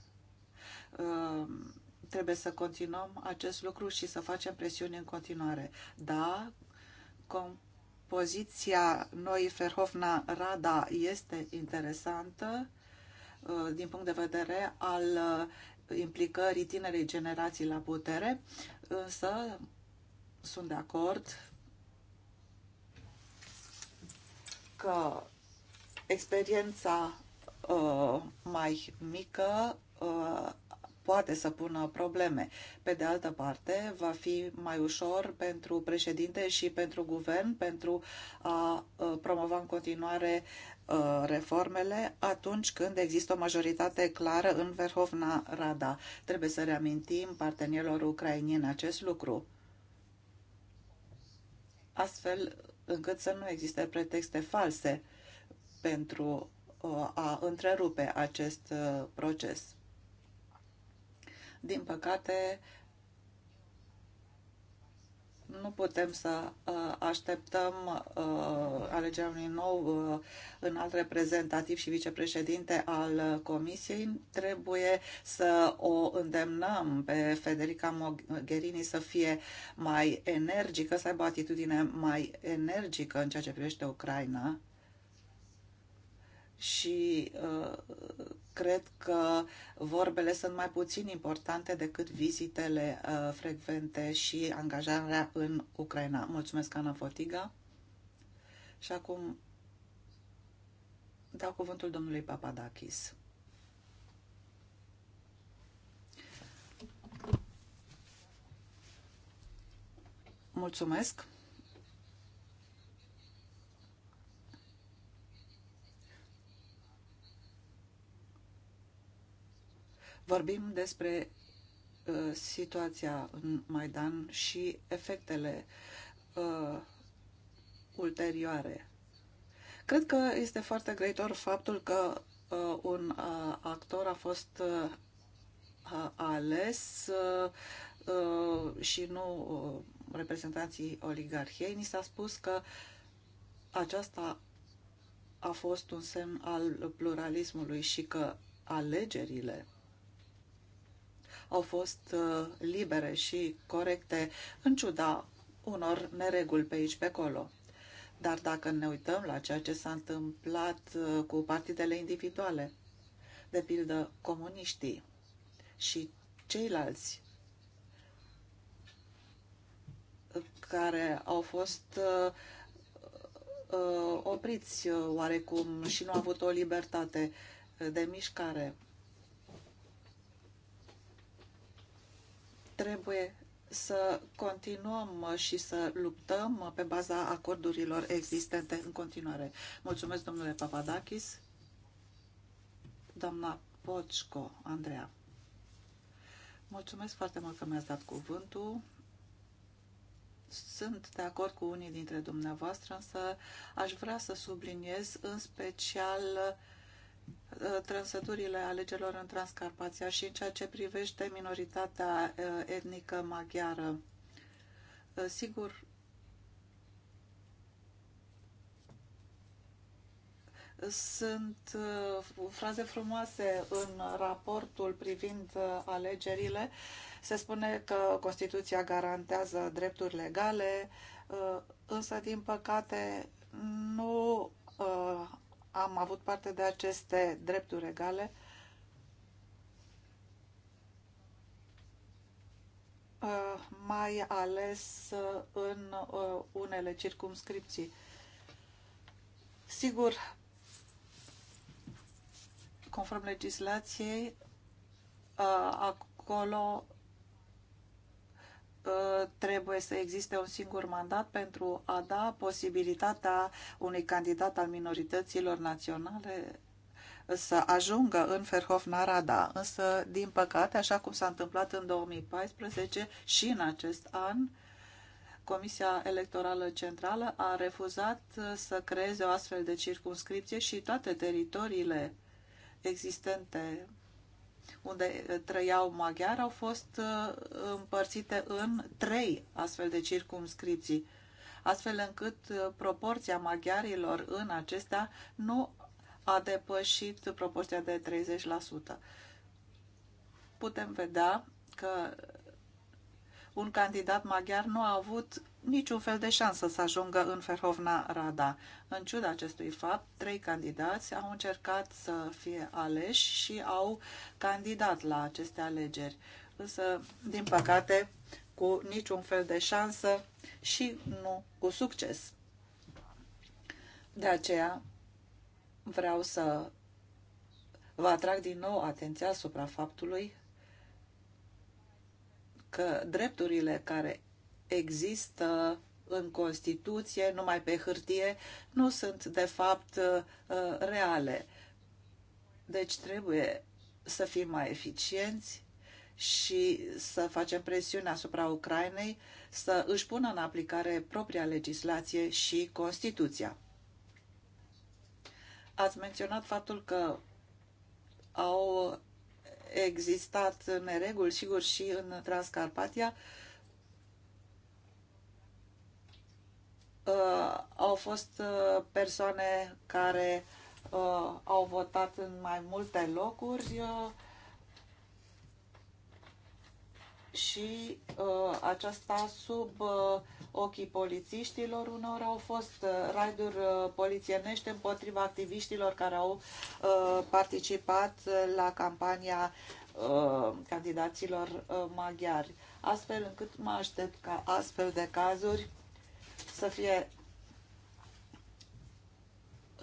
Uh, trebuie să continuăm acest lucru și să facem presiuni în continuare. Da, compoziția noi Ferhofna Rada este interesantă uh, din punct de vedere al uh, implicării tinerei generații la putere, însă sunt de acord că Experiența uh, mai mică uh, poate să pună probleme. Pe de altă parte, va fi mai ușor pentru președinte și pentru guvern pentru a uh, promova în continuare reformele atunci când există o majoritate clară în Verhovna Rada. Trebuie să reamintim partenerilor ucrainieni acest lucru. Astfel încât să nu existe pretexte false pentru uh, a întrerupe acest uh, proces. Din păcate, nu putem să uh, așteptăm alegerea unui nou înalt reprezentativ și vicepreședinte al Comisiei. Trebuie să o îndemnăm pe Federica Mogherini să fie mai energică, să aibă o atitudine mai energică în ceea ce privește Ucraina și uh, cred că vorbele sunt mai puțin importante decât vizitele uh, frecvente și angajarea în Ucraina. Mulțumesc, Ana Fotiga. Și acum dau cuvântul domnului Papadakis. Mulțumesc. Vorbim despre uh, situația în Maidan și efectele uh, ulterioare. Cred că este foarte greitor faptul că uh, un uh, actor a fost uh, ales uh, uh, și nu uh, reprezentanții oligarhiei. Ni s-a spus că aceasta a fost un semn al pluralismului și că alegerile au fost uh, libere și corecte, în ciuda unor nereguli pe aici, pe acolo. Dar dacă ne uităm la ceea ce s-a întâmplat uh, cu partidele individuale, de pildă comuniștii și ceilalți care au fost uh, opriți oarecum și nu au avut o libertate de mișcare. Trebuie să continuăm și să luptăm pe baza acordurilor existente în continuare. Mulțumesc, domnule Papadakis. Doamna Pocco, Andreea. Mulțumesc foarte mult că mi-ați dat cuvântul. Sunt de acord cu unii dintre dumneavoastră, însă aș vrea să subliniez în special Uh, trânsăturile alegerilor în Transcarpația și în ceea ce privește minoritatea uh, etnică maghiară. Uh, sigur, sunt fraze frumoase în raportul privind alegerile. Se spune că Constituția garantează drepturi legale, însă, din păcate, nu am avut parte de aceste drepturi egale. Uh, mai ales uh, în uh, unele circumscripții. Sigur, conform legislației, acolo Uh, trebuie să existe un singur mandat pentru a da posibilitatea unui candidat al minorităților naționale să ajungă în ferhof Ferhof-Narada. Însă, din păcate, așa cum s-a întâmplat în 2014 și în acest an, Comisia Electorală Centrală a refuzat să creeze o astfel de circumscripție și toate teritoriile existente unde uh, trăiau maghiari au fost uh, împărțite în trei astfel de circumscripții, astfel încât uh, proporția maghiarilor în acestea nu a depășit proporția de 30%. Putem vedea că un candidat maghiar nu a avut niciun fel de șansă să ajungă în Ferhovna Rada. În ciuda acestui fapt, trei candidați au încercat să fie aleși și au candidat la aceste alegeri. Însă, din păcate, cu niciun fel de șansă și nu cu succes. De aceea, vreau să vă atrag din nou atenția asupra faptului că drepturile care există în Constituție, numai pe hârtie, nu sunt de fapt uh, reale. Deci trebuie să fim mai eficienți și să facem presiune asupra Ucrainei să își pună în aplicare propria legislație și Constituția. Ați menționat faptul că au existat nereguli, sigur, și în Transcarpatia. Uh, au fost uh, persoane care uh, au votat în mai multe locuri. Uh, și uh, aceasta sub uh, ochii polițiștilor. Unor au fost uh, raiduri uh, polițienești împotriva activiștilor care au uh, participat uh, la campania uh, candidaților uh, maghiari. Astfel încât mă aștept ca astfel de cazuri să fie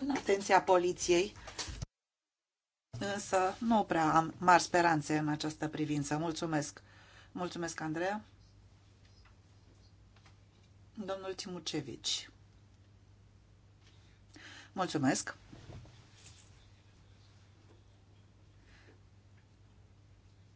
în atenția poliției, însă nu prea am mari speranțe în această privință. Mulțumesc! Mulțumesc, Andreea. Domnul Timucevici. Mulțumesc.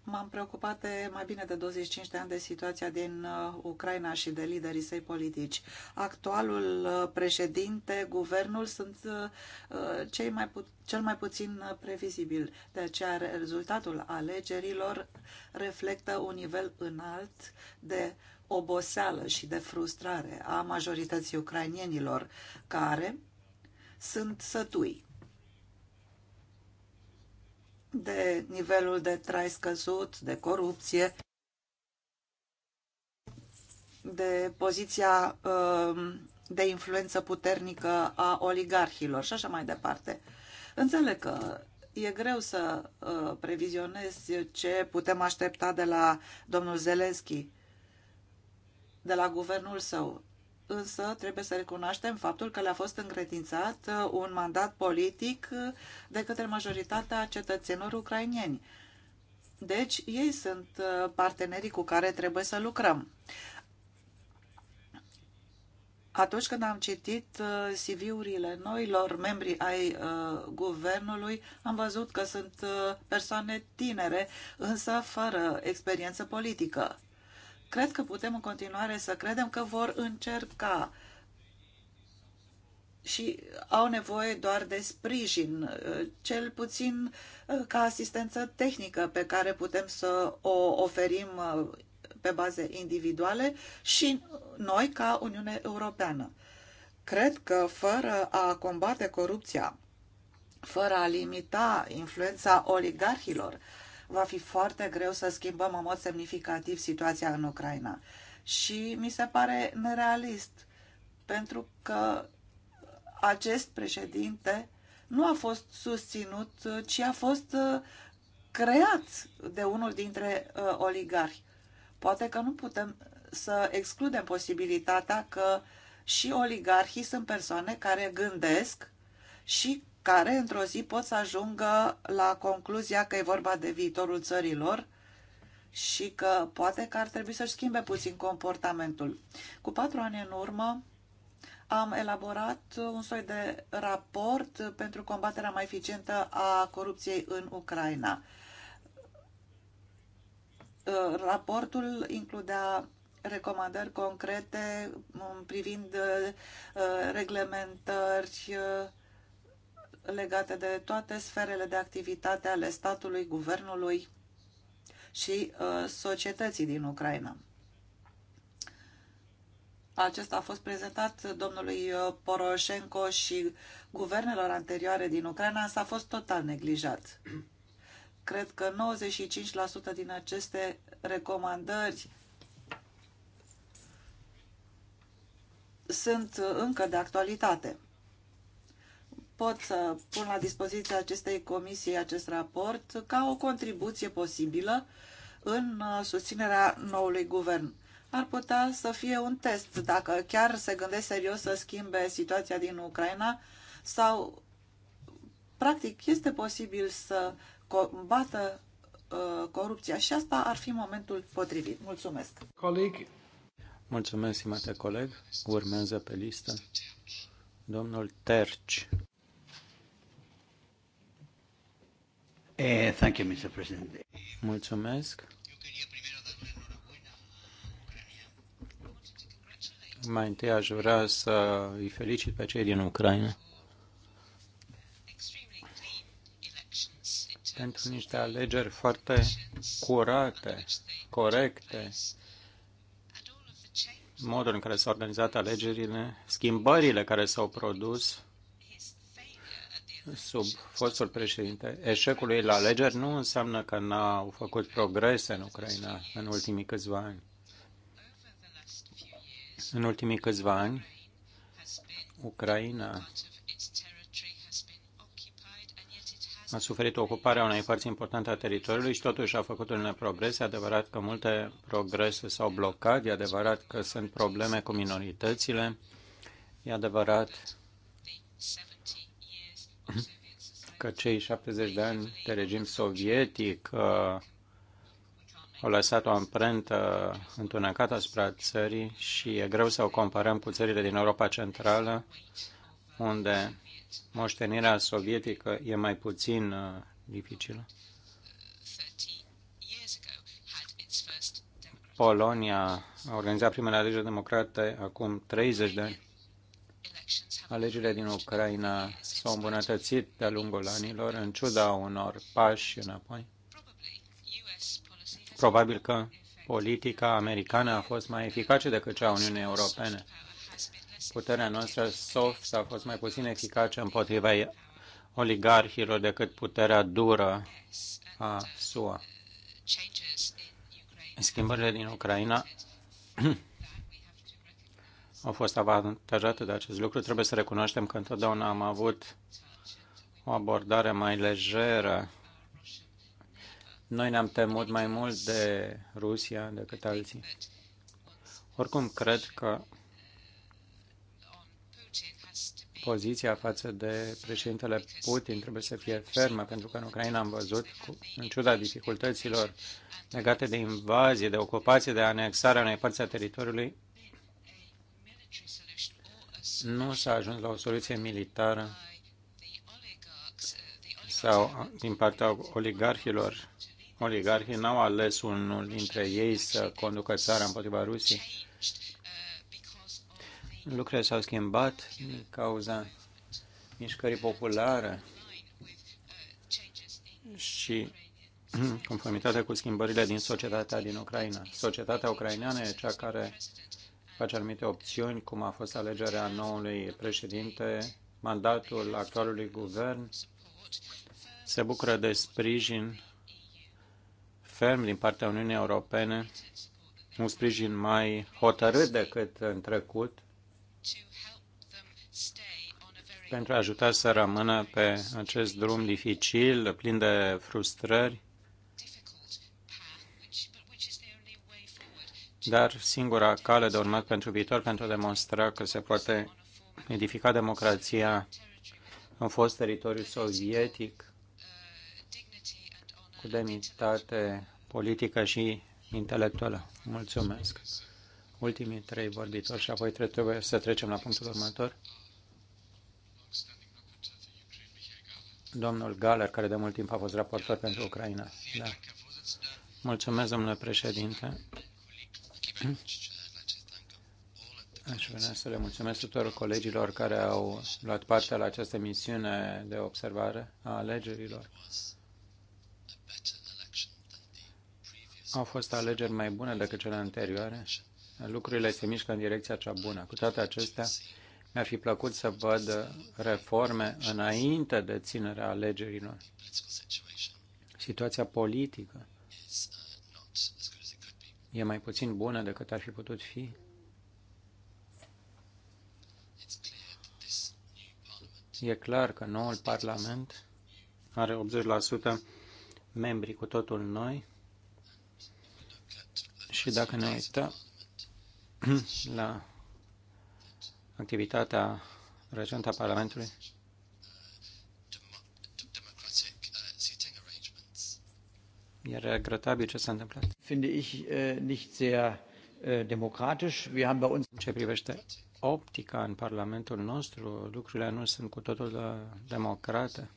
M-am preocupat de mai bine de 25 de ani de situația din uh, Ucraina și de liderii săi politici. Actualul uh, președinte, guvernul sunt uh, cei mai cel mai puțin previzibil. De aceea rezultatul alegerilor reflectă un nivel înalt de oboseală și de frustrare a majorității ucrainienilor care sunt sătui de nivelul de trai scăzut, de corupție, de poziția um, de influență puternică a oligarhilor și așa mai departe. Înțeleg că e greu să uh, previzionezi ce putem aștepta de la domnul Zelenski, de la guvernul său, însă trebuie să recunoaștem faptul că le-a fost încredințat uh, un mandat politic uh, de către majoritatea cetățenilor ucrainieni. Deci, ei sunt uh, partenerii cu care trebuie să lucrăm. Atunci când am citit CV-urile noilor membri ai uh, guvernului, am văzut că sunt persoane tinere, însă fără experiență politică. Cred că putem în continuare să credem că vor încerca și au nevoie doar de sprijin, cel puțin uh, ca asistență tehnică pe care putem să o oferim uh, pe baze individuale și noi ca Uniune Europeană. Cred că fără a combate corupția, fără a limita influența oligarhilor, va fi foarte greu să schimbăm în mod semnificativ situația în Ucraina. Și mi se pare nerealist, pentru că acest președinte nu a fost susținut, ci a fost uh, creat de unul dintre uh, oligarhi. Poate că nu putem să excludem posibilitatea că și oligarhii sunt persoane care gândesc și care într-o zi pot să ajungă la concluzia că e vorba de viitorul țărilor și că poate că ar trebui să-și schimbe puțin comportamentul. Cu patru ani în urmă am elaborat un soi de raport pentru combaterea mai eficientă a corupției în Ucraina. Raportul includea recomandări concrete privind uh, reglementări, uh, legate de toate sferele de activitate ale statului, guvernului și uh, societății din Ucraina. Acesta a fost prezentat domnului uh, Poroșenko și guvernelor anterioare din Ucraina, însă a fost total neglijat. Cred că 95% din aceste recomandări sunt uh, încă de actualitate pot să pun la dispoziția acestei comisii acest raport ca o contribuție posibilă în uh, susținerea noului guvern. Ar putea să fie un test dacă chiar se gândește serios să schimbe situația din Ucraina sau practic este posibil să combată uh, corupția și asta ar fi momentul potrivit. Mulțumesc! Coleg. Mulțumesc, stimate coleg. Urmează pe listă domnul Terci. Eh, thank you, Mr. President. Mulțumesc. Mai întâi aș vrea să îi felicit pe cei din Ucraina pentru niște alegeri foarte curate, corecte, modul în care s-au organizat alegerile, schimbările care s-au produs sub fostul președinte Eșecul ei la alegeri nu înseamnă că n-au făcut progrese în Ucraina în ultimii câțiva ani. În ultimii câțiva ani, Ucraina a suferit ocuparea unei părți importante a teritoriului și totuși a făcut unele progrese. E adevărat că multe progrese s-au blocat, e adevărat că sunt probleme cu minoritățile, e adevărat că cei 70 de ani de regim sovietic uh, au lăsat o amprentă întunecată asupra țării și e greu să o comparăm cu țările din Europa Centrală, unde moștenirea sovietică e mai puțin uh, dificilă. Polonia a organizat primele alegeri democrate acum 30 de ani Alegerile din Ucraina s-au îmbunătățit de-a lungul anilor, în ciuda unor pași înapoi. Probabil că politica americană a fost mai eficace decât cea a Uniunii Europene. Puterea noastră soft a fost mai puțin eficace împotriva oligarhilor decât puterea dură a SUA. Schimbările din Ucraina au fost avantajate de acest lucru. Trebuie să recunoaștem că întotdeauna am avut o abordare mai lejeră. Noi ne-am temut mai mult de Rusia decât alții. Oricum, cred că poziția față de președintele Putin trebuie să fie fermă, pentru că în Ucraina am văzut, în ciuda dificultăților legate de invazie, de ocupație, de anexarea unei părți a teritoriului, nu s-a ajuns la o soluție militară sau din partea oligarhilor. Oligarhii n-au ales unul dintre ei să conducă țara împotriva Rusiei. Lucrurile s-au schimbat din cauza mișcării populare și conformitatea cu schimbările din societatea din Ucraina. Societatea ucraineană e cea care face anumite opțiuni, cum a fost alegerea noului președinte, mandatul actualului guvern, se bucură de sprijin ferm din partea Uniunii Europene, un sprijin mai hotărât decât în trecut, pentru a ajuta să rămână pe acest drum dificil, plin de frustrări, Dar singura cale de urmat pentru viitor, pentru a demonstra că se poate edifica democrația în fost teritoriu sovietic, cu demnitate politică și intelectuală. Mulțumesc. Ultimii trei vorbitori și apoi trebuie să trecem la punctul următor. Domnul Galer, care de mult timp a fost raportor pentru Ucraina. Da. Mulțumesc, domnule președinte. Aș vrea să le mulțumesc tuturor colegilor care au luat parte la această misiune de observare a alegerilor. Au fost alegeri mai bune decât cele anterioare. Lucrurile se mișcă în direcția cea bună. Cu toate acestea, mi-ar fi plăcut să văd reforme înainte de ținerea alegerilor. Situația politică e mai puțin bună decât ar fi putut fi. E clar că noul Parlament are 80% membri cu totul noi și dacă ne uităm la activitatea recentă a Parlamentului, E regretabil ce s-a întâmplat. Finde ich uh, nicht sehr uh, eh, democratisch. Wir haben bei uns ce privește optica în Parlamentul nostru, lucrurile nu sunt cu totul de eh, democrate.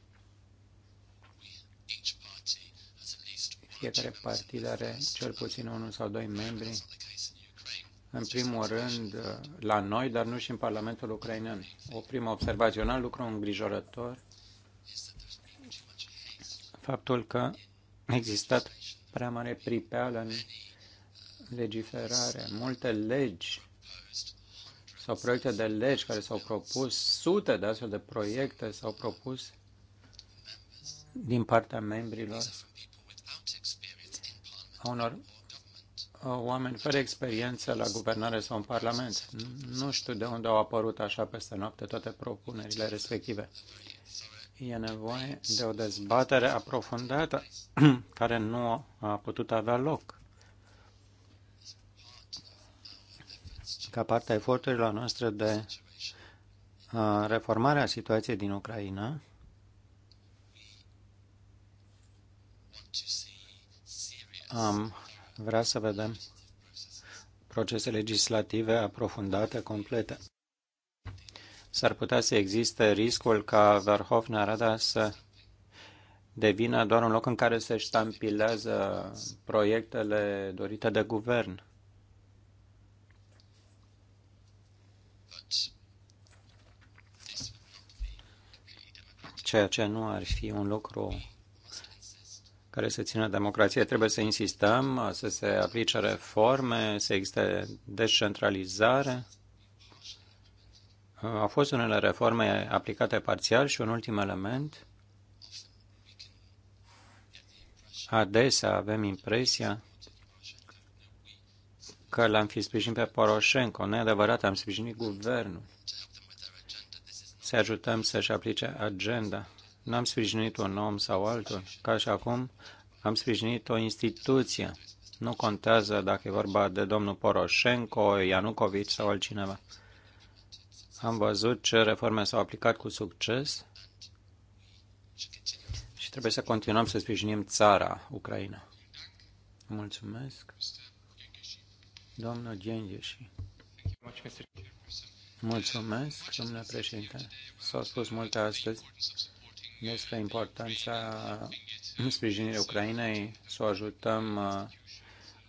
Fiecare partid are cel puțin unul sau doi membri, în primul rând la noi, dar nu și în Parlamentul ucrainean. O primă observațională, lucru îngrijorător, faptul că a existat prea mare pripeală în legiferare. Multe legi sau proiecte de legi care s-au propus, sute de astfel de proiecte s-au propus din partea membrilor a unor oameni fără experiență la guvernare sau în Parlament. Nu știu de unde au apărut așa peste noapte toate propunerile respective e nevoie de o dezbatere aprofundată care nu a putut avea loc. Ca parte a eforturilor noastre de uh, reformare a situației din Ucraina, am vrea să vedem procese legislative aprofundate, complete s-ar putea să existe riscul ca Verhofna Rada să devină doar un loc în care se ștampilează proiectele dorite de guvern. Ceea ce nu ar fi un lucru care să țină democrație. Trebuie să insistăm să se aplice reforme, să existe descentralizare au fost unele reforme aplicate parțial și un ultim element. Adesea avem impresia că l-am fi sprijinit pe Poroșenco. Nu adevărat, am sprijinit guvernul. Să ajutăm să-și aplice agenda. Nu am sprijinit un om sau altul. Ca și acum, am sprijinit o instituție. Nu contează dacă e vorba de domnul Poroșenco, Ianucovici sau altcineva. Am văzut ce reforme s-au aplicat cu succes și trebuie să continuăm să sprijinim țara, Ucraina. Mulțumesc. Domnul Gengheși. Mulțumesc, domnule președinte. S-au spus multe astăzi despre importanța sprijinirii Ucrainei, să o ajutăm uh,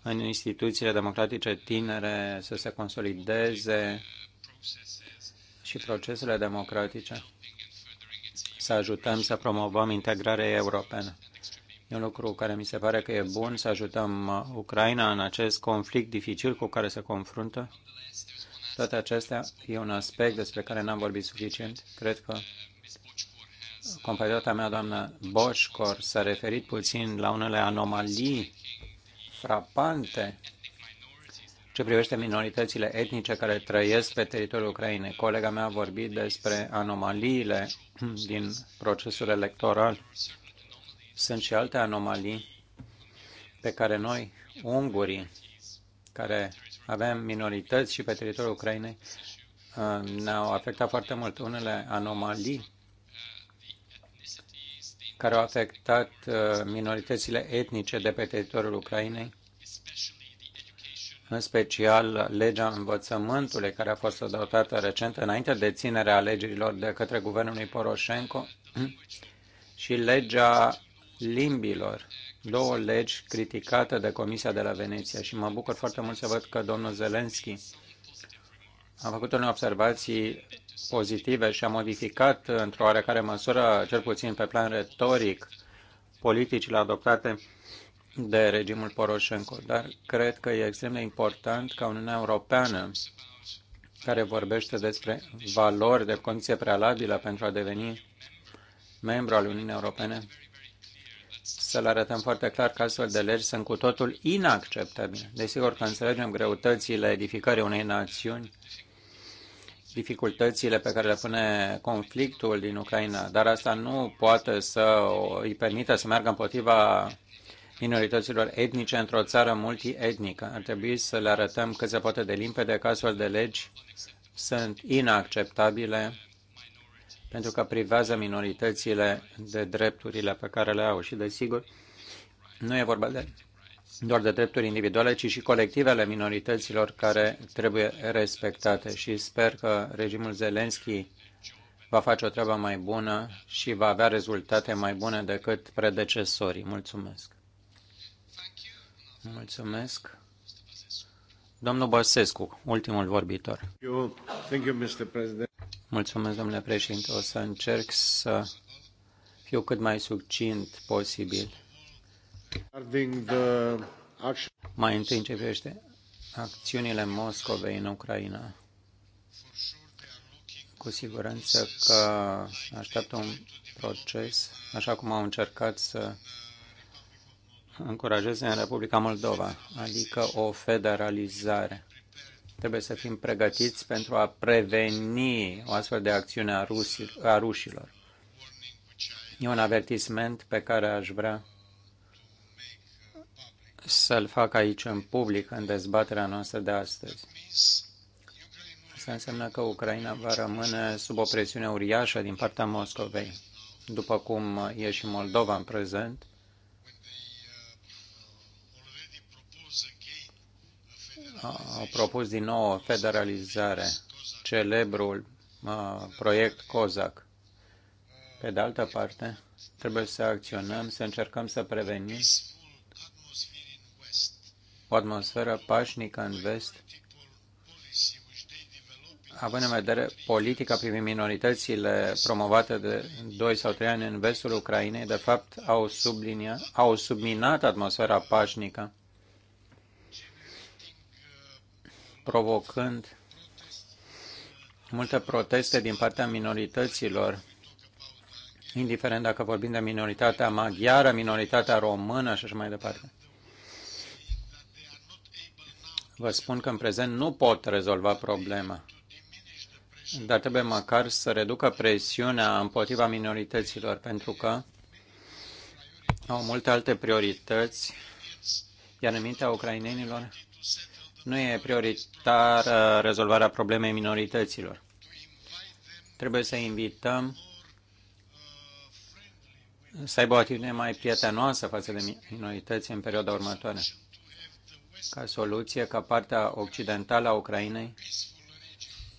în instituțiile democratice tinere să se consolideze și procesele democratice, să ajutăm să promovăm integrarea europeană. E un lucru care mi se pare că e bun să ajutăm uh, Ucraina în acest conflict dificil cu care se confruntă. Toate acestea e un aspect despre care n-am vorbit suficient. Cred că compatriota mea, doamna Boșcor, s-a referit puțin la unele anomalii frapante ce privește minoritățile etnice care trăiesc pe teritoriul Ucrainei. Colega mea a vorbit despre anomaliile din procesul electoral. Sunt și alte anomalii pe care noi, ungurii, care avem minorități și pe teritoriul Ucrainei, uh, ne-au afectat foarte mult. Unele anomalii care au afectat uh, minoritățile etnice de pe teritoriul Ucrainei în special legea învățământului care a fost adoptată recent înainte de ținerea alegerilor de către guvernul lui Poroșenko și legea limbilor, două legi criticate de Comisia de la Veneția și mă bucur foarte mult să văd că domnul Zelenski a făcut unele observații pozitive și a modificat într-o oarecare măsură, cel puțin pe plan retoric, politicile adoptate de regimul Poroșenco, dar cred că e extrem de important ca Uniunea Europeană, care vorbește despre valori de condiție prealabilă pentru a deveni membru al Uniunii Europene, să l arătăm foarte clar că astfel de legi sunt cu totul inacceptabile. Desigur că înțelegem greutățile edificării unei națiuni, dificultățile pe care le pune conflictul din Ucraina, dar asta nu poate să îi permită să meargă împotriva minorităților etnice într-o țară multietnică. Ar trebui să le arătăm cât se poate de limpede că astfel de legi sunt inacceptabile pentru că privează minoritățile de drepturile pe care le au. Și, desigur, nu e vorba de doar de drepturi individuale, ci și colectivele minorităților care trebuie respectate. Și sper că regimul Zelenski va face o treabă mai bună și va avea rezultate mai bune decât predecesorii. Mulțumesc! Mulțumesc. Domnul Băsescu, ultimul vorbitor. Mulțumesc, domnule președinte. O să încerc să fiu cât mai succint posibil. Mai întâi în ce privește acțiunile Moscovei în Ucraina. Cu siguranță că așteaptă un proces, așa cum au încercat să încurajeze în Republica Moldova, adică o federalizare. Trebuie să fim pregătiți pentru a preveni o astfel de acțiune a, Rusilor. a rușilor. E un avertisment pe care aș vrea să-l fac aici în public, în dezbaterea noastră de astăzi. Asta înseamnă că Ucraina va rămâne sub o presiune uriașă din partea Moscovei, după cum e și Moldova în prezent, au propus din nou federalizare, celebrul proiect COZAC. Pe de altă parte, trebuie să acționăm, să încercăm să prevenim o atmosferă pașnică în vest, având în vedere politica privind minoritățile promovate de 2 sau 3 ani în vestul Ucrainei, de fapt au, sublinia, au subminat atmosfera pașnică provocând multe proteste din partea minorităților, indiferent dacă vorbim de minoritatea maghiară, minoritatea română și așa mai departe. Vă spun că în prezent nu pot rezolva problema, dar trebuie măcar să reducă presiunea împotriva minorităților, pentru că au multe alte priorități, iar în mintea ucrainenilor nu e prioritară rezolvarea problemei minorităților. Trebuie să invităm să aibă o atitudine mai prietenoasă față de minorități în perioada următoare. Ca soluție, ca partea occidentală a Ucrainei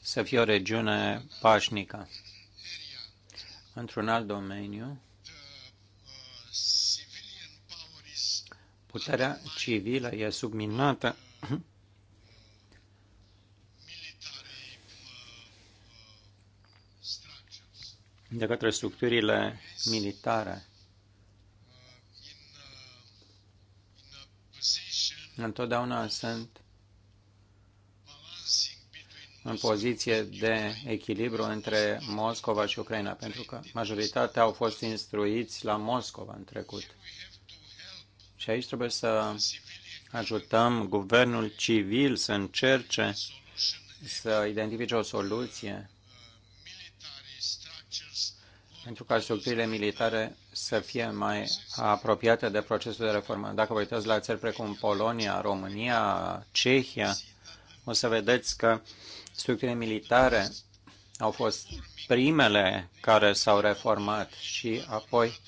să fie o regiune pașnică. Într-un alt domeniu, puterea civilă e subminată de către structurile militare. Întotdeauna sunt în poziție de echilibru între Moscova și Ucraina, pentru că majoritatea au fost instruiți la Moscova în trecut. Și aici trebuie să ajutăm guvernul civil să încerce să identifice o soluție pentru ca structurile militare să fie mai apropiate de procesul de reformă. Dacă vă uitați la țări precum Polonia, România, Cehia, o să vedeți că structurile militare au fost primele care s-au reformat și apoi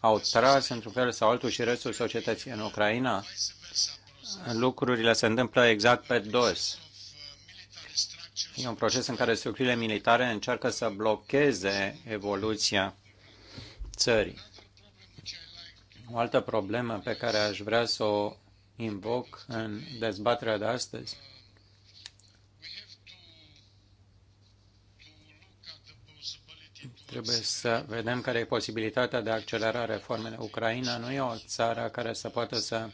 au tras într-un fel sau altul și restul societății în Ucraina, lucrurile se întâmplă exact pe dos. E un proces în care structurile militare încearcă să blocheze evoluția țării. O altă problemă pe care aș vrea să o invoc în dezbaterea de astăzi Trebuie să vedem care e posibilitatea de a accelera reformele. Ucraina nu e o țară care să poată să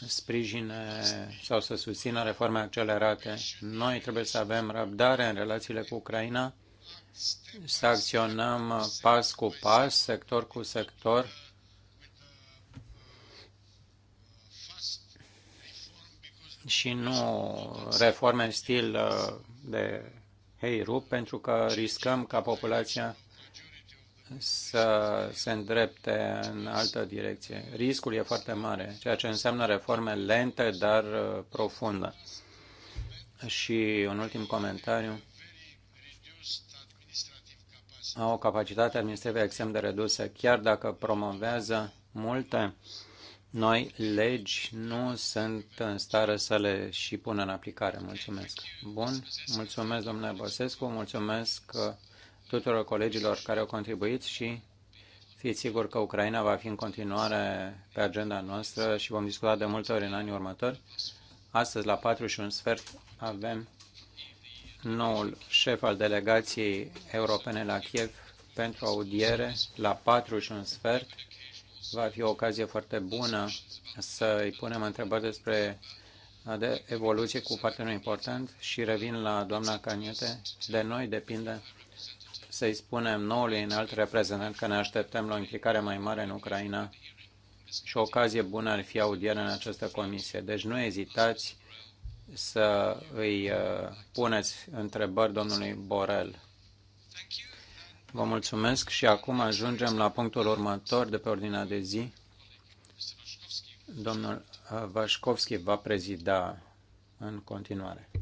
sprijine sau să susțină reforme accelerate. Noi trebuie să avem răbdare în relațiile cu Ucraina, să acționăm pas cu pas, sector cu sector, și nu reforme în stil uh, de hei rup, pentru că riscăm ca populația să se îndrepte în altă direcție. Riscul e foarte mare, ceea ce înseamnă reforme lente, dar uh, profundă. Și un ultim comentariu. Au o capacitate administrativă extrem de redusă, chiar dacă promovează multe noi legi, nu sunt în stare să le și pună în aplicare. Mulțumesc. Bun, mulțumesc domnule Băsescu, mulțumesc uh, tuturor colegilor care au contribuit și fiți sigur că Ucraina va fi în continuare pe agenda noastră și vom discuta de multe ori în anii următori. Astăzi, la 4 și un sfert, avem noul șef al delegației europene la Kiev pentru audiere la 4 și un sfert. Va fi o ocazie foarte bună să îi punem întrebări despre de evoluție cu partener important și revin la doamna Caniete. De noi depinde să-i spunem noului înalt reprezentant că ne așteptăm la o implicare mai mare în Ucraina și o ocazie bună ar fi audierea în această comisie. Deci nu ezitați să îi uh, puneți întrebări domnului Borel. Vă mulțumesc și acum ajungem la punctul următor de pe ordinea de zi. Domnul uh, Vașcovski va prezida în continuare.